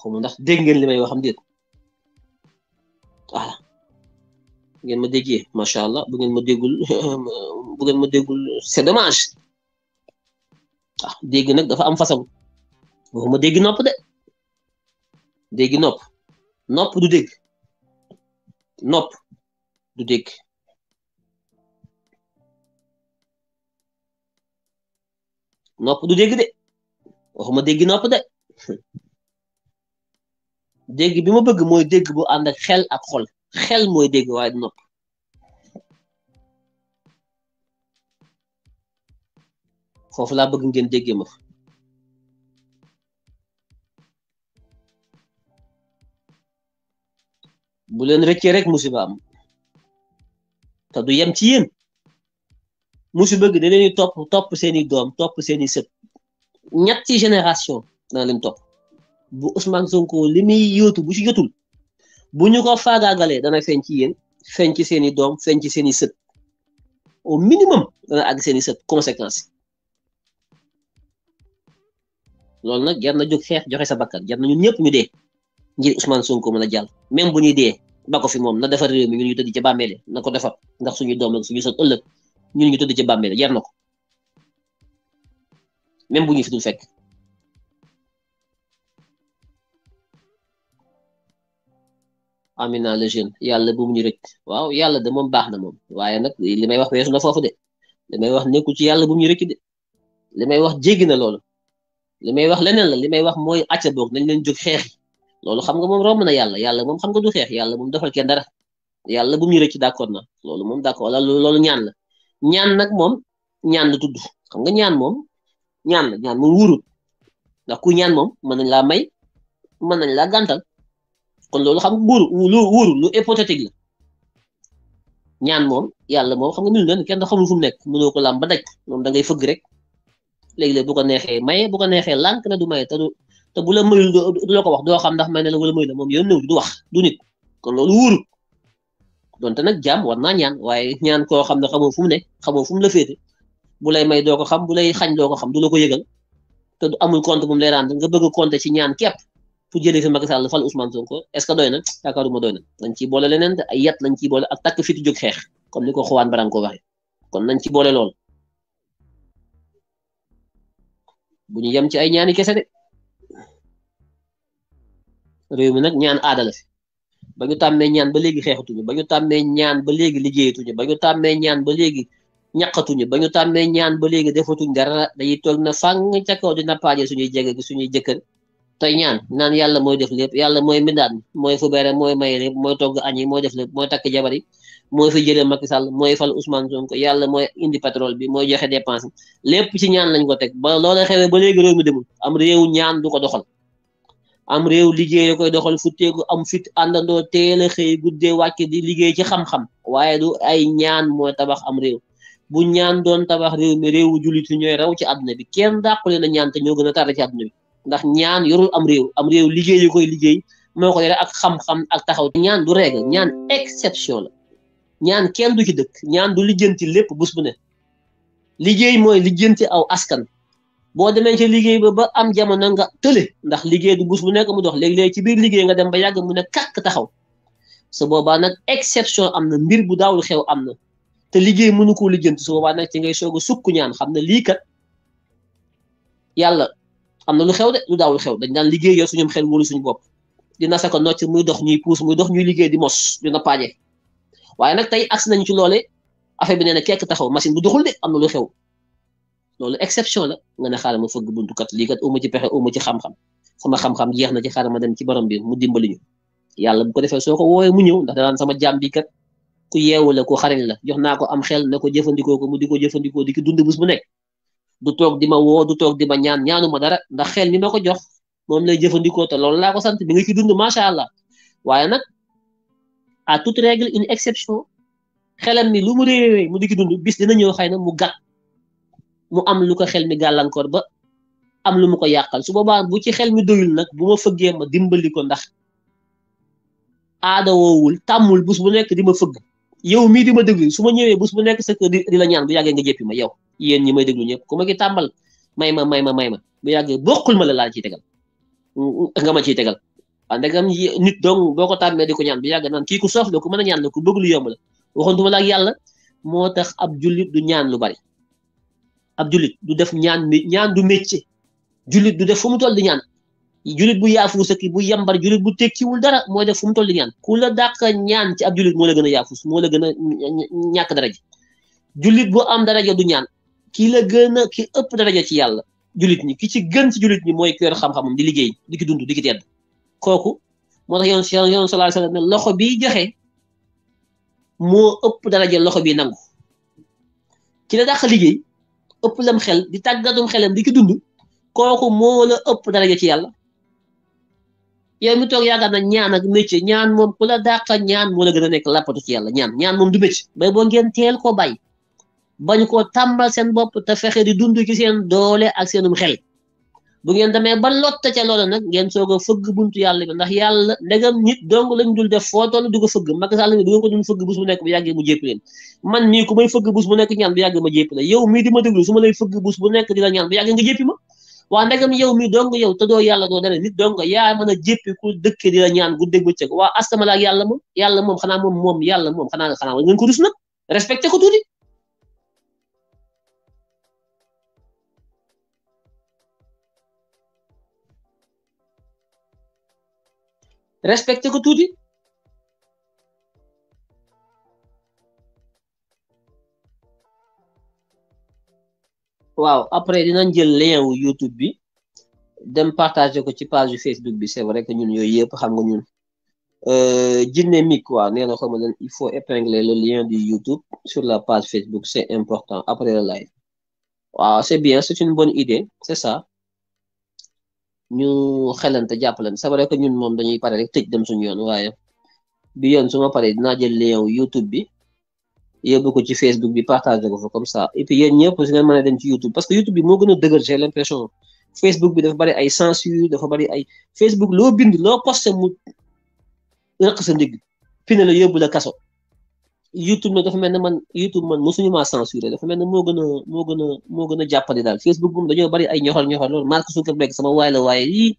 xaw ndax dégg ngeen li may waxam am déet ngeen ma déggee masha allah bu ngeen ma déggul bu ngeen ma déggul c'est dommage ah dégg nag dafa am façon waxuma dégg nopp de dégg nopp nopp du dégg nopp du dégg nopp du dégg de waxuma dégg nopp de dégg bi ma bëgg mooy dégg bu ànd xel ak xol xel mooy dégg waaye du nopp foofu laa bëgg ngeen déggee bu leen rëccee rek musiba am te du yem ci yéen musiba gi da leen top topp topp seeni doom topp seeni sët ñetti génération dana leen topp bu Ousmane Sonko li muy yóotu bu ci jotul bu ñu ko faagaagalee dana feeñ ci yéen feeñ ci seeni doom feeñ ci seeni sët au minimum dana àgg seeni sët conséquence loolu nag jar na jóg xeex joxe sa bakkan jar na ñun ñëpp ñu dee ngir Ousmane Sonko mën a jàll même bu ñuy dee ba ko fi moom na defar réew mi ñun ñu tëdd ci bàmmeele na ko defar ndax suñu doom ak suñu sët ëllëg ñun ñu tëdd ci bàmmeele jar na ko même bu ñu fi dul fekk. Amina le jeune yàlla bu mu ñu rëcc waaw yàlla de moom baax na moom waaye nag li may wax weesu na foofu de li may wax nekkul ci yàlla bu mu ñu rëcc de li may wax jéggi na loolu. li may wax leneen la li may wax mooy acca boog nañ leen jóg xeex yi loolu xam nga moom romb na yàlla yàlla moom xam nga du xeex yàlla moom defal kenn dara yàlla bu mu yërëc ci d'accord na loolu moom d'accord loolu ñaan la ñaan nag moom ñaan la tudd xam nga ñaan moom ñaan la ñaan moom wurul ndax ku ñaan moom mën nañ laa may mën nañ laa gàntal kon loolu xam nga buuru lu wóoru lu la ñaan moom yàlla moom xam nga minu leen kenn xamul fu mu nekk mënoo ko làm ba daj moom fëgg rek léegi-léeg bu ko neexee maye bu ko neexee lànk na du maye te du te bu la mayul du la ko wax doo xam ndax may na la wala mayu la moom yoon néew du wax du nit kon loolu wóorut donte nag jaam war ñaan waaye ñaan koo xam ne xamoo fu mu ne xamoo fu mu la féete bu lay may doo ko xam bu lay xañ doo ko xam du la ko yëgal te du amul compte bu mu lay rendre nga bëgg a compter ci ñaan képp pour jëlee fi Macky fal Ousmane Sonko est ce doy na yaakaaruma doy na lañ ciy boole leneen te ay yat boole ak takk fi tu jóg ni ko xawaan baran ko waxee kon nañ ci boole bu ñu yem ci ay ñaani kese de réew mi nag ñaan aada la fi ba ñu tàmmee ñaan ba léegi xeexatuñu ba ñu tàmmee ñaan ba léegi liggéeyatuñu ba ñu tàmmee ñaan ba léegi ñaqatuñu ba ñu tàmmee ñaan ba léegi defatuñ dara dañuy toog na fàng ca kaw dina paaje suñuy jege suñuy jëkkër tey ñaan naan yàlla mooy def lépp yàlla mooy mindaan mooy fubere mooy may lépp mooy togg añi mooy def lépp mooy takk jabar yi mooy fi jëlee Macky mooy fal Ousmane Sonko yàlla mooy indi pétrole bi mooy joxe dépense lépp ci ñaan lañ ko teg ba loola xewee ba léegi réew mi demul am réew ñaan du ko doxal am réew liggéey koy doxal futteeku am fit àndandoo teel a xëy guddee wàcc di liggéey ci xam waaye du ay ñaan mooy tabax am bu ñaan doon tabax réew mi réewu jullit yi ñooy raw ci àdduna bi kenn dàqule na ñaan te ñoo gën a tardé ci àdduna bi ndax ñaan yorul am réew am réew liggéey yu koy liggéey moo ko yore ak xam-xam ak taxaw ñaan du règle ñaan exception la ñaan kenn du ci dëkk ñaan du lijjanti lépp bus bu ne liggéey mooy lijjanti aw askan boo demee ci liggéey ba ba am jamono nga tële ndax liggéey du bus bu nekk mu dox léeg-léeg ci biir liggéey nga dem ba yàgg mu ne kàkk taxaw su boobaa nag exception am na mbir bu daawul xew am na te liggéey mënu koo lijjanti su boobaa nag ci ngay soog a sukk ñaan xam ne lii kat yàlla am na lu xew de lu daawul xew dañ daan liggéey yow suñu xel wóolu suñu bopp dina sa ko nocc muy dox ñuy puus muy dox ñuy liggéey di mos dina paaje waaye nag tey agsi nañ ci loole affaire bi nee kekk taxaw machine bu doxul de am na lu xew loolu exception la nga ne xaaral ma fëgg buntu kat lii kat uma ci pexe uma ci xam-xam sama xam-xam jeex na ci xaaral ma dem ci borom bi mu dimbali ñu yàlla bu ko defee soo ko woowee mu ñëw ndax danaan sama jaam ku yeewu la ku xarañ la jox naa ko am xel na ko jëfandikoo ko mu di ko jëfandikoo di ki dund bus bu nekk du toog di ma woo du toog di ma ñaan ñaanu ma dara ndax xel mi ma ko jox moom lay jëfandikoo te loolu laa ko sant bi nga ci dund macha allah waaye nag à tout règle une exception xelam mi lu mu réewee mu di ki dund bis dina ñëw xay na mu gàtt mu am lu ko xel mi gàllankoor ba am lu mu ko yàqal su boobaa bu ci xel mi doyul nag bu ma fëggee ma dimbali ko ndax aada woowul tàmmul bus bu nekk di ma fëgg yow mii di ma déglu su ma ñëwee bés bu nekk sa kër di la ñaan bu yàggee nga jéppi ma yow yen ñi may déglu ñëpp ko ma ki tàmbal may ma may ma may ma bu yàggee bokkul ma la laal ciy tegal nga ma ciy tegal ndegam nit dong boko tamé ya, diko ñaan bi yag naan ki ku sof la ku mën ñaan la bëgg lu yom la duma la ak yalla motax ab julit du ñaan lu bari ab julit du def ñaan ñaan du metti julit du def fu mu toll di ñaan julit bu yaafuus ak bu yambar julit bu wul dara moy def fu mu toll di ñaan ku la dàq ñaan ci ab julit mo la gëna mo la gëna ñak dara ji julit bu am daraja du ñaan ki la gëna ki ëpp daraja ci yalla julit ni ki ci gën ci julit ni moy ki xam xam di liggéey di ki dund di ki tedd kooku moo tax yoon si yoon loxo bi joxe moo ëpp daraja loxo bi nangu ki la dàq liggéey ëpp lam xel di tàggatum xelam di ki dund kooku moo la ëpp daraja ci yàlla yow mu toog yaakaar na ñaan ak métier ñaan moom ku la dàq ñaan moo la gën a nekk lappatu ci yàlla ñaan ñaan moom du métier bay boo ngeen teel koo bay bañ koo tàmbal seen bopp te fexe di dund ci seen doole ak seenum xel bu ngeen demee ba lotta ca loola nag ngeen soog a fëgg buntu yàlla bi ndax yàlla ndegam nit dong lañ dul def foo toll di ko fëgg Macky Sall mi du ngeen ko dul fëgg bés bu nekk bu yàggee mu jéppi leen bu nekk nga jéppi ma waa ndegam yow mii dong yow te doo yàlla doo dara nit dong yaa mën a jéppi ku dëkke di la ñaan guddég bëccëg waa astama laak yàlla moom yàlla moom xanaa moom moom yàlla moom xanaa xanaa respecté ko tuuti respectez tout dit. Wow. après a un lien sur YouTube bi dem partager ko page Facebook c'est vrai que nous, sommes yëpp xam euh, quoi il faut épingler le lien du YouTube sur la page Facebook c'est important après le live wow c'est bien c'est une bonne idée c'est ça ñu xelante jàppalante c'est vrai que ñun moom dañuy pare rek tëj dem suñu yoon waaye bi yoon su ma paree dinaa jël lien YouTube bi yóbbu ko ci Facebook bi partagé ko fa comme ça et puis yéen ñëpp si ngeen mën a dem ci YouTube parce que YouTube bi moo gën a dëgër j'ai l'impression Facebook bi dafa bari ay censure dafa bari ay Facebook loo bind loo posté mu rëq sa ndigg fi ne la yóbbu la kaso YouTube nag dafa mel ne man YouTube man mosuñu maa censuré dafa mel ne moo gën a moo gën a moo gën a jàppale daal Facebook moom dañoo bari ay ñoxor ñoxor loolu Mark Zuckerberg sama waay la waaye yii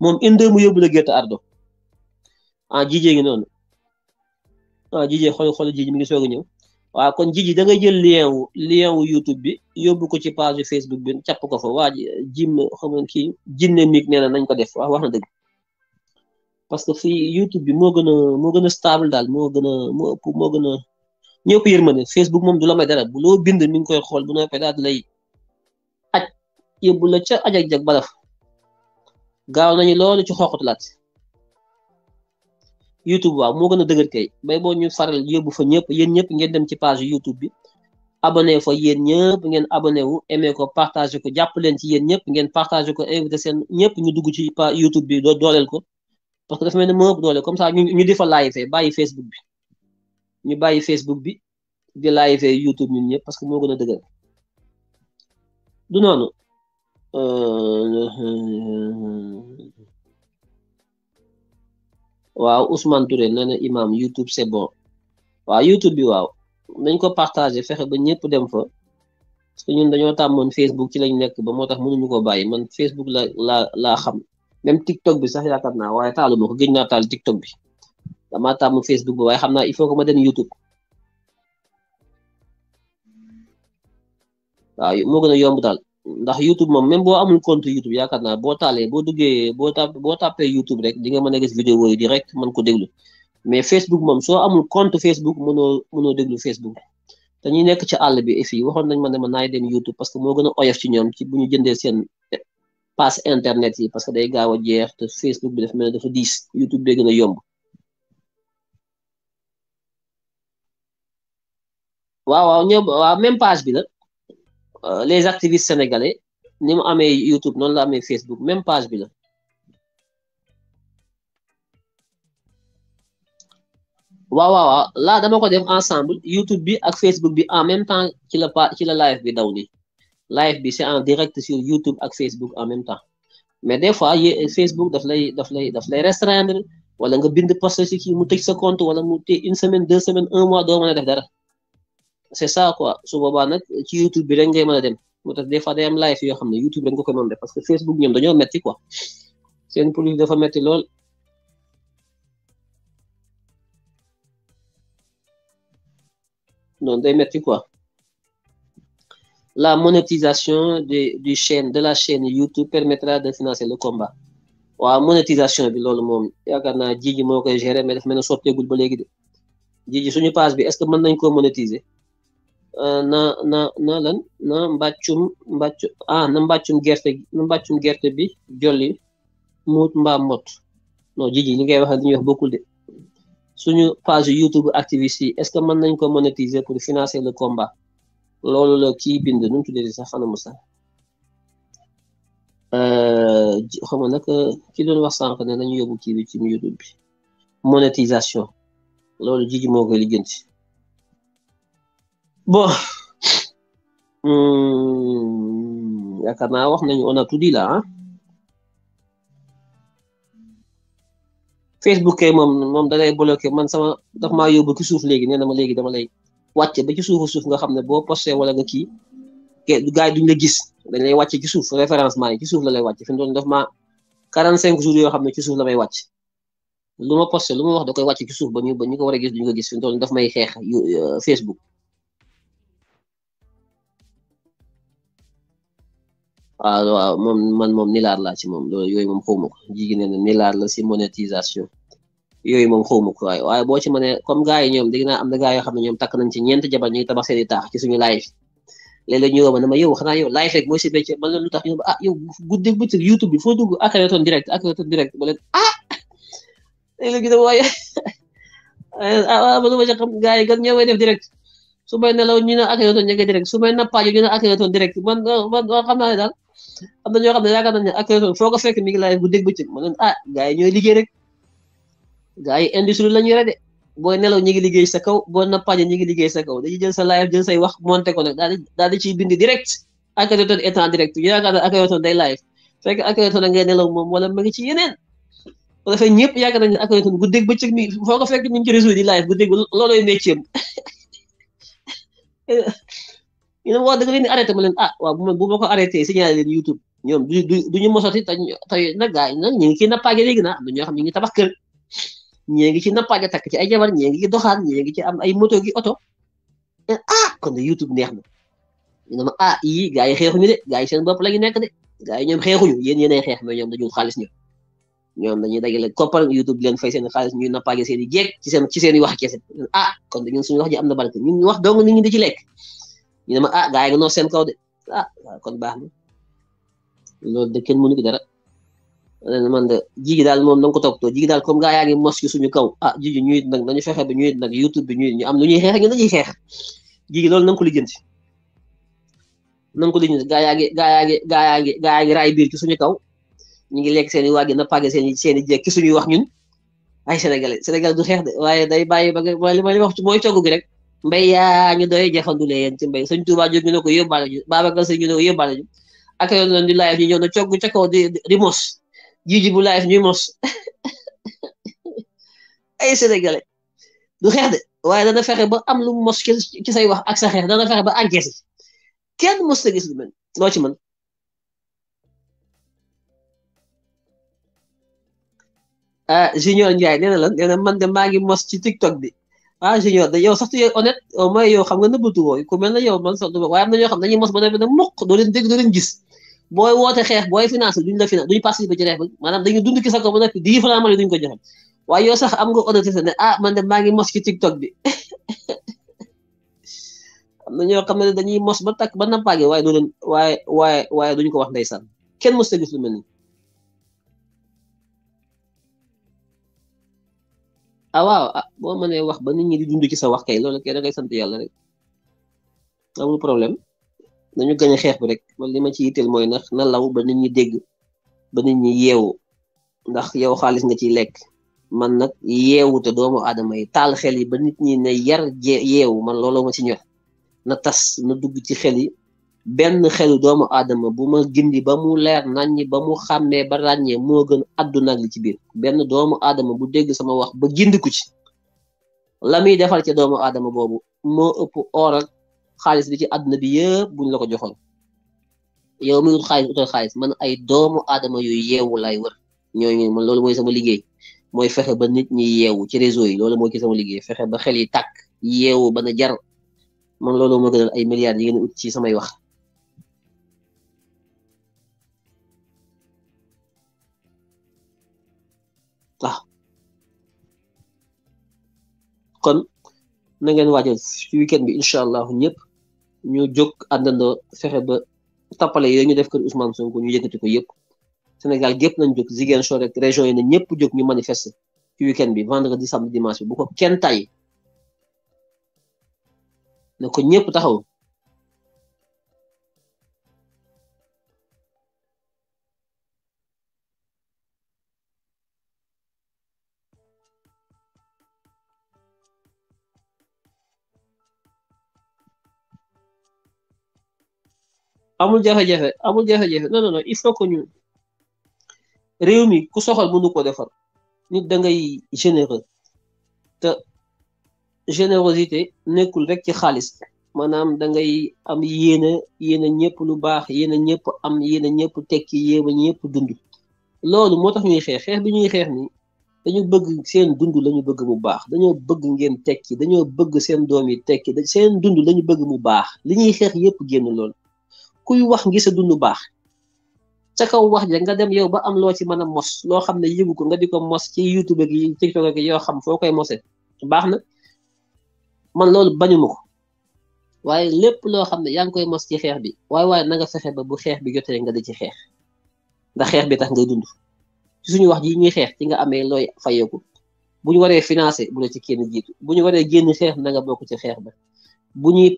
moom inde mu yóbbu la gerte ardo ah jijee ngi noonu ah jijee xol xool jiji mi ngi soog a ñëw waaw kon jiji da ngay jël lien wu lien wu YouTube bi yóbbu ko ci page Facebook bi capp ko fo waa ji jim xam nga kii jinne miig nee na nañ ko def waaw wax na dëgg parce que fii YouTube bi moo gën a moo gën a stable daal moo gën a moo gën a ñëpp yërmande Facebook moom du la may dara bu loo bind mi ngi koy xool bu noppee daal di lay aj yóbbu la ca ajak balaf gaaw nañu loolu ci xooxatulaat YouTube waaw moo gën a dëgër kay bay boo ñu faral yóbbu fa ñëpp yéen ñëpp ngeen dem ci page YouTube bi abonné fa yéen ñëpp ngeen abonné wu aimé ko partagé ko jàpp leen ci yéen ñëpp ngeen partagé ko invité seen ñëpp ñu dugg ci YouTube bi dooleel ko parce que dafa mel ni moo ëpp doole comme ça ñu ñu di fa live bàyyi Facebook bi ñu bàyyi Facebook bi di live YouTube ñun ñëpp parce que moo gën a dëgër du noonu euh, waaw Ousmane Touré na imam YouTube c'est bon waaw YouTube bi waaw dañ ko partager fexe ba ñëpp dem fa parce que ñun dañoo tàmmoon Facebook ci lañ nekk ba moo tax mënuñu ko bàyyi man Facebook la la laa xam. même TikTok bi sax yaakaar naa waaye taaluma ko gëj naa taal TikTok bi damaa taamu Facebook bi waaye xam na il faut que ma dem YouTube waaw moo a yomb daal ndax YouTube moom même boo amul compte YouTube yaakaar naa boo taalee boo duggee boo tap boo tàppee YouTube rek di nga mën a gis vidéo yi direct mën ko déglu mais Facebook moom soo amul compte Facebook mënoo mënoo déglu Facebook te ñu nekk ci àll bi fii waxoon nañ ma ne ma naay dem YouTube parce que moo gën a oyof ci ñoom bu ñu jëndee seen passe internet yi parce que day gaaw jeex Facebook bi dafa dafa diis YouTube bee a yomb waaw waaw waaw même page bi la euh, les activistes sénégalais ni mu amee YouTube non la amee Facebook même page bi la waaw waaw waaw dama ko def ensemble YouTube bi ak Facebook bi en même temps ci la pas ci la live bi daw live bi c'est en direct sur YouTube ak Facebook en même temps mais des fois Facebook daf lay daf lay daf lay wala nga bind poste ci kii mu tëj sa compte wala mu téye une semaine deux semaines un mois doo mën a def dara su boobaa nag ci YouTube bi rek ngay mën a dem moo tax des fois day am live yoo xam ne YouTube rek nga koy mën def parce que Facebook ñoom dañoo metti quoi seen politique dafa metti lool. non day metti quoi. la monétisation de, du chaine de la chaîne YouTube permettra de financer le combat. waaw monétisation bi loolu moom yaakaar naa Jiji moo koy gérer mais dafa na ne sotteegul ba léegi de Jiji suñu page bi est-ce que mën nañ koo monétiser euh, na na na lan na mbàccum mbàccu ah mbàccum gerte mbàccum gerte bi jolli muut mbaa mot non Jiji ñi ngay wax li ñuy wax bokkul de suñu page YouTube activiste yi est-ce que mën nañ ko monétiser pour financer le combat loolu la kii bind nu mu tuddee sax xana Moussa euh, xam nga nag ki doon wax sànq ne nañu yóbbu kii bi ci YouTube bi loolu jiji moo koy bo bon hmm, yaakaar naa wax nañu on a tout dit là ah Facebook kay moom moom da lay man sama daf maa yobu ki suuf léegi nee na ma léegi dama lay. wàcce ba ci suuf suuf nga xam ne boo posté wala nga kii gars du ñu la gis dañ lay wàcce ci suuf référencement yi ci suuf la lay wàcce fi mu doon def ma 45 jours yoo xam ne ci suuf la may wàcc lu ma posté lu ma wax da koy wàcce ci suuf ba ñu ba ñu ko war a gis duñ ko gis fi mu doon daf may xeex euh, Facebook. waaw waaw moom man moom nilaar laa ci moom loolu yooyu moom xawma ko jigéen ne nilaar la si monétisation. yooyu moom xaw ma ko waaye waaye boo ci mënee comme gars yi ñoom dégg naa am na gars yoo xam ne ñoom takk nañ ci ñeent jabar ñu ñu ma ne ma yow yow live rek mooy si métier man loolu lu tax ñu ah yow YouTube bi foo dugg Akhenaton ah, direct Akhenaton ah, direct ba leen ah léeg-léeg ñu ne waaye ah yi gan ñoo may def direct su may nelaw ñu ne Akhenaton ah, ñu ngi direct su may nappaajo ñu ne Akhenaton direct man man xam naa ne daal am na ñoo xam ne yaakaar nañ ne ko fekk mi ngi live guddeeg bëccëg ma ah gars yi liggéey rek gaa yi industrie la ñu yore de booy nelaw ñu ngi liggéey sa kaw boo nappaaje ñu ngi liggéey sa kaw dañuy jël sa live jël say wax monté ko nag daal di daal di ciy bind direct Akhenaton étant direct ñu yaakaar ne Akhenaton day live fekk Akhenaton ngay nelaw moom wala ma ngi ci yeneen bu defee ñëpp yaakaar nañ ne Akhenaton guddeeg bëccëg mi foo ko fekk ñu ngi ci réseau di live guddeeg looloy métier ñu ne wax dëgg leen di arrêté ma leen ah waaw bu ma bu ma ko arrêté YouTube ñoom du du ñu mosati te tey nag gaa yi nag ñu ngi na am na ñoo xam ñee ngi ci nappaaja takk ci ay jabar ñee ngi ci doxaan ñee ngi ci am ay moto gi oto eh, ah kon de YouTube neex na ñu ma ah, yii gars yi xeexuñu de gars yi seen bopp la ñu nekk de gars yi ñoom xeexuñu yéen yéenay xeex mais ñoom dañu xaalis ñoom ñoom dañuy dajale koppar YouTube di leen fay seen xaalis ñuy nappaaje seen i jeeg ci seen ci seen wax kese ah kon suñu wax ji am na barke ñun wax dong nit ñi di ci lekk ñu ne ma ah, yi nga seen kaw de ah, kon baax na loolu de kenn mënu ci dara. Euh, man de jigi daal moom na nga ko toppatoo jigi daal comme gaa yaa ngi mos ci suñu kaw ah jigi ñuy nag nañu fexe bi ñuy nag youtube bi ñu am lu ñuy xeex ñu xeex jigi loolu na nga ko lijjanti na nga ko lijjanti gaa yaa gaa yaa ngi gaa yaa gaa yaa ngi raay suñu kaw ñu ngi lekk seen i waagi na pàgge seen i seen i suñuy wax ñun ay sénégalais du xeex de waaye day bàyyi ba li ma li wax mooy cogg gi rek mbay yaa ñu doy jëfandule yéen ci mbay sëñ Tuubaa jóg ñu ne ko yóbbaale ju Babacar Sy ñu ne ko yóbbaale ju ak yoon loon di laayef ñu ñëw na cogg ca kaw di di mos jiiji bu live ñuy mos ay sénégalais du xeex de waaye dana fexe ba am lu mos ci say wax ak sa xeex dana fexe ba encaissé kenn mos ta gis lu mel loo ci mën ah junior Ndiaye nee na lan nee na man de maa ngi mos ci tiktok bi ah junior da yow sax tu yow honnête au xam nga nëbbatu wooyu ku mel na yow man sax waaye am na ñoo xam dañuy mos ba ne mukk doo leen dégg doo boy wote xex boy finance duñ la financé duñ participer ci rek bi dañu dund ki sa ko ba noppi dix francs mali duñ ko joxe way yo sax am nga honnêteté sa ah man de magi mos ci tiktok bi am na ñoo xamne dañuy mos ba tak ba nappaage waaye way duñ way way way duñ ko wax ndaysan kenn mos gis lu melni ah waaw wax ba nit ñi di dund ci sa wax kay loolu kay da ngay sant yalla rek amul problème nañu gañ xex bi rek man lima ci yitel moy nak na law ba nit ñi dégg ba nit ñi yeewu ndax yow xaalis nga ci lek man nak yewu te doomu aadama yi xel yi ba nit ñi ne yar yeewu man lolo ma ci ñor na tas na dugg ci xel yi ben xel doomu aadama bu ma gindi ba mu leer naññi ba mu xamé ba rañé mo gën aduna li ci bir ben doomu aadama bu dégg sama wax ba ku ci lamuy defal ci doomu aadama bobu mo ëpp or ak xaalis bi ci àdduna bi yëpp buñ la ko joxoon yow mi wut xaalis utal xaalis man ay doomu aadama yu yeewu laay wër ñooñu man loolu mooy sama liggéey mooy fexe ba nit ñi yeewu ci réseau yi loolu mooy ki liggéey fexe ba xel yi tàkk yeewu ba jar man loolu ay milliards yi ci samay wax. kon na ngeen waajal ci weekend bi incha allah ñëpp. ñu jóg àndandoo fexe ba tappale yi ñu def kër Ousmane Sonko ñu yëkkati ko yëpp Sénégal gépp nañ jóg Ziguinchor rek région yi na ñëpp jóg ñu manifester ci weekend bi vendredi samedi dimanche bi bu ko kenn tay na ko ñëpp taxaw amul jafe-jafe amul jafe-jafe il faut que ñu réew mi ku soxal mënu ko defar nit da ngay généreux te générosité nekkul rek ci xaalis maanaam da ngay am yéene yéene ñëpp lu baax yéene ñëpp am yéene ñëpp tekki yéene ñëpp dund loolu moo tax ñuy xeex xeex bi ñuy xeex ni dañu bëgg seen dund lañu bëgg mu baax dañoo bëgg ngeen tekki dañoo bëgg seen doom yi tekki seen dund lañu bëgg mu baax li ñuy xeex yëpp génn lool. kuy wax ngi sa dund baax ca kaw wax ja nga dem yow ba am loo ci mën a mos loo xam ne yëgu ko nga di ko mos ci YouTube gi TikTok gi yoo xam foo koy mose baax na man loolu bañuma ko waaye lépp loo xam ne yaa ngi koy mos ci xeex bi waaye waaye na nga fexe ba bu xeex bi jotee nga di ci xeex ndax xeex bi tax ngay dund ci suñu wax ji ñuy xeex ci nga amee looy fayeeku bu ñu waree financé bu la ci kenn jiitu bu ñu waree génn xeex na bokk ci xeex ba bu ñuy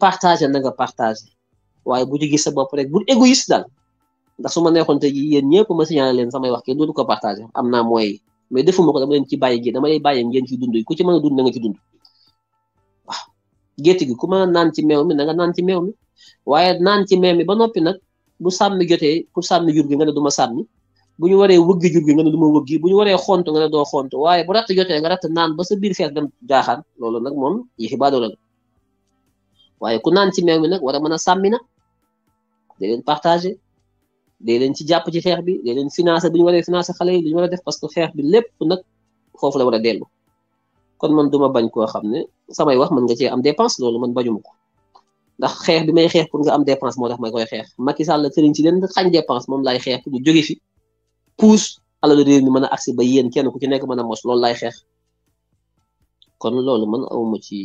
waaye bu ci gis sa bopp rek bu égoïste daal ndax su ma neexoon tey jii yéen ñëpp ma signalé leen samay wax kenn dootu ko partage am naa mooy mais defuma ko dama leen ci bàyyi gi dama lay bàyyi ngeen ci dund ku ci a dund na nga gi ku naan ci meew mi na nga naan ci meew mi waaye naan ci meew mi ba noppi nag bu sàmmi jotee pour sàmmi jur gi nga ne du ma sàmmi bu ñu waree wëggi jur gi nga ne du ma wëggi bu ñu waree xont nga ne doo xont waaye bu ratt jotee nga ratt naan ba sa biir fees dem jaaxaan loolu nag moom yëfi baadoo la waaye ku naan ci meew mi nag war a mën a sàmmi na day leen partagé day ci jàpp ci xeex bi day leen financé ñu waree financé xale yi lu ñu war def parce que xeex bi lépp nag foofu la war a dellu kon man duma bañ koo xam ne samay wax mën nga cee am dépense loolu man bañuma ko ndax xeex bi may xeex pour nga am dépense moo tax may koy xeex Macky Sall sëriñ ci leen xañ dépense moom laay xeex pour ñu jóge fi puus alalu réew mi a agsi ba yéen kenn ku ci nekk mën a mos loolu laay kon loolu man awma ci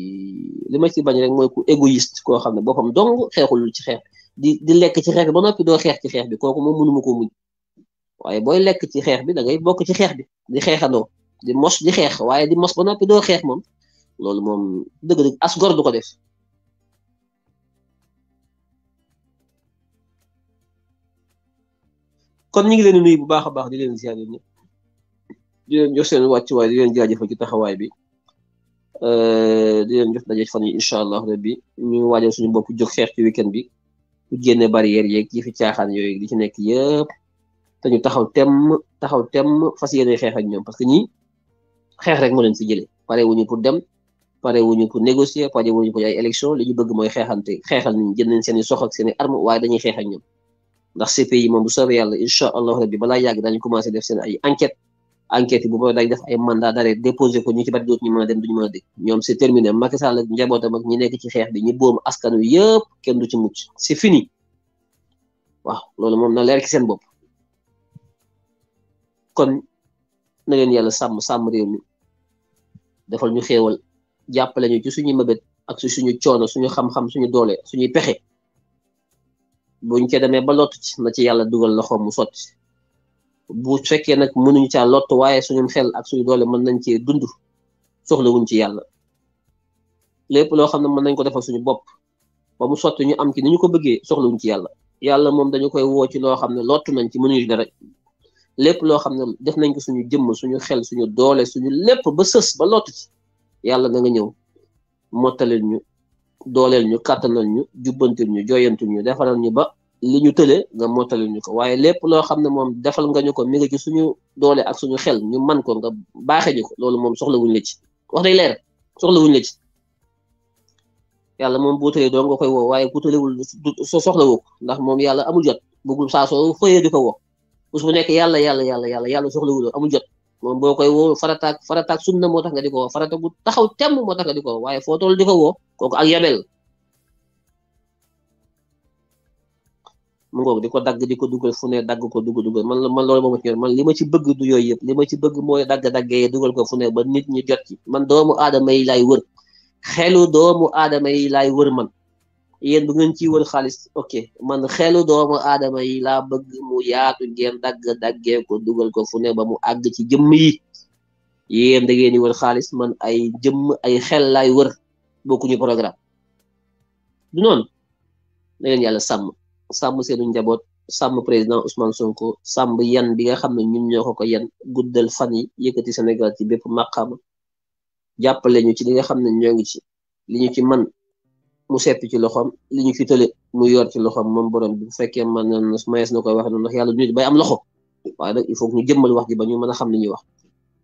li ma ci bañ rek mooy ku égoïste koo xam ne boppam dong xeexul ci xeex di di lekk ci xeex bi ba noppi doo xeex ci xeex bi kooku moom mënuma ko muñ waaye booy lekk ci xeex bi da bokk ci xeex bi di xeexandoo di mos di xeex waaye di mos ba noppi doo xeex moom loolu moom dëgg-dëgg as gor du ko def kon ñu ngi leen di nuyu bu baax a baax di leen ziar ñëpp di leen jox seen wàccuwaay di leen jaajëfal ci taxawaay bi Euh, di leen jox daje fan yi incha allah rabbi ñu waajal suñu bopp jóg xeex ci weekend bi ku génne barrière yeeg yi fi caaxaan yooyu li ci nekk yëpp te ñu taxaw tem taxaw tem fas yéene xeex ak ñoom parce que ñi xeex rek moo leen fi jëlee pare wuñu pour dem pare wuñu pour négocier pare ñu pour ay élection li ñu bëgg mooy xeexante xeexal nañ jël nañ seen i seen i arme waaye dañuy xeex ak ñoom ndax CPI moom bu soobee yàlla incha allah rabbi balaa yàgg dañu commencé def seen ay enquête enquête yi bu ko day def ay mandaa d'arrêt déposé ko ñu ci bari doot ñu mën a dem duñu mën a dégg ñoom c'est terminé Macky Sall ak njabootam ak ñu nekk ci xeex bi ñu boom askan wi yëpp kenn du ci mucc c'est fini waaw loolu moom na leer ci seen bopp kon na leen yàlla sàmm sàmm réew mi defal ñu xéewal jàppale ñu ci suñu mëbét ak suñu coono suñu xam-xam suñu doole suñuy pexe buñ ca demee ba lott ci na ci yàlla dugal loxoom mu sotti bu fekkee nag mënuñu caa lott waaye suñu xel ak suñu doole mën nañ cee dund soxlawuñ ci yàlla lépp loo xam ne mën nañ ko defal suñu bopp ba mu sotti ñu am ci ni ñu ko bëggee soxlawuñ ci yàlla yàlla moom dañu koy woo ci loo xam ne lottu nañ ci mënuñu dara lépp loo xam ne def nañ ko suñu jëmm suñu xel suñu doole suñu lépp ba sës ba lott ci yàlla na nga ñëw mottalil ñu dooleel ñu kàttanal ñu jubbantil ñu joyantil ñu defaral ñu ba li ñu tële nga mottali ñu ko waaye lépp loo xam ne moom defal nga ñu ko mi nga ci suñu doole ak suñu xel ñu man ko nga baaxe ñu ko loolu moom soxla wuñ la ci wax day leer soxla wuñ la ci yàlla boo tëlee doo nga koy woo waaye bu tëlewul so soxla woo ndax moom yàlla amul jot bëggul saa soo fëyee di ko woo bés nekk yàlla yàlla yàlla yàlla yàlla soxlawul amul jot moom boo koy woo farataak farataak na moo tax nga di ko woo farata bu taxaw temm moo tax nga di ko waaye foo toll di ko woo kooku ak yabel mu ngoog di ko dagg di ko fu ne dagg ko dugg dugal man man lolou moom xir man lima ci bëgg du yoy yëpp lima ci bëgg moy dag dagge duggal ko fu ne ba nit ñi jot ci man doomu adamay lay wër xelu doomu adamay lay wër man yeen bu ngeen ci wër xaalis ok man xelu doomu adamay la bëgg mu yaatu ngeen dag dagge ko duggal ko fu ne ba mu ag ci jëm yi yeen da ngeen ni wër xaalis man ay jëm ay xel lay wër bokku ñu programme du non da ngeen yalla sam sàmm seenu njaboot sàmm président usman Ousmane Sonko sàmm yan bi nga xam ne ñun ñoo ko ko yan guddal fan yi yëkkati Sénégal ci bépp màqaama jàppale ñu ci li nga xam ne ñoo ngi ci li ñu ci man mu seppi ci loxoom li ñu ci tële mu yor ci loxoom moom borom bi bu fekkee man mayees na koy wax noonu ndax yàlla du nit am loxo waaye nag il faut ñu wax ji ba ñu mën a xam li ñuy wax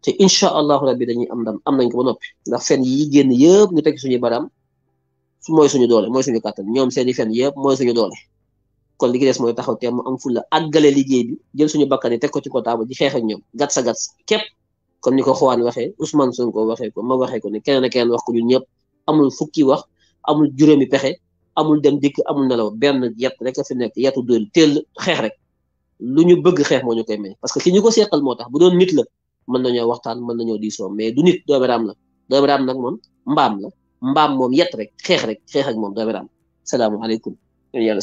te incha allahu rabbi dañuy am ndam am nañ ko ba noppi ndax fen yi génn yëpp ñu teg suñu baram mooy suñu doole mooy suñu kàttan ñoom seeni fen yëpp mooy suñu doole kon li gi taxaw teem am fulla liggéey bi jël suñu bakkan yi teg ko ci ko taaba di xeex ak ñoom gàtt sa gàtt képp comme ni ko xawaan waxee Ousmane ko waxee ko ma waxee ko ne keneen ak keneen wax ko ñun ñëpp amul fukki wax amul juróomi pexe amul dem dikk amul nelaw benn yet rek a fi nekk yetu dóori teel xeex rek lu ñu bëgg xeex moo ñu koy may parce que ki ñu ko seqal moo tax bu doon nit la mën nañoo waxtaan mën nañoo diisoo mais du nit doomi raam la doomi raam nag moom mbaam la mbaam moom yet rek xeex rek xeex ak moom doomi raam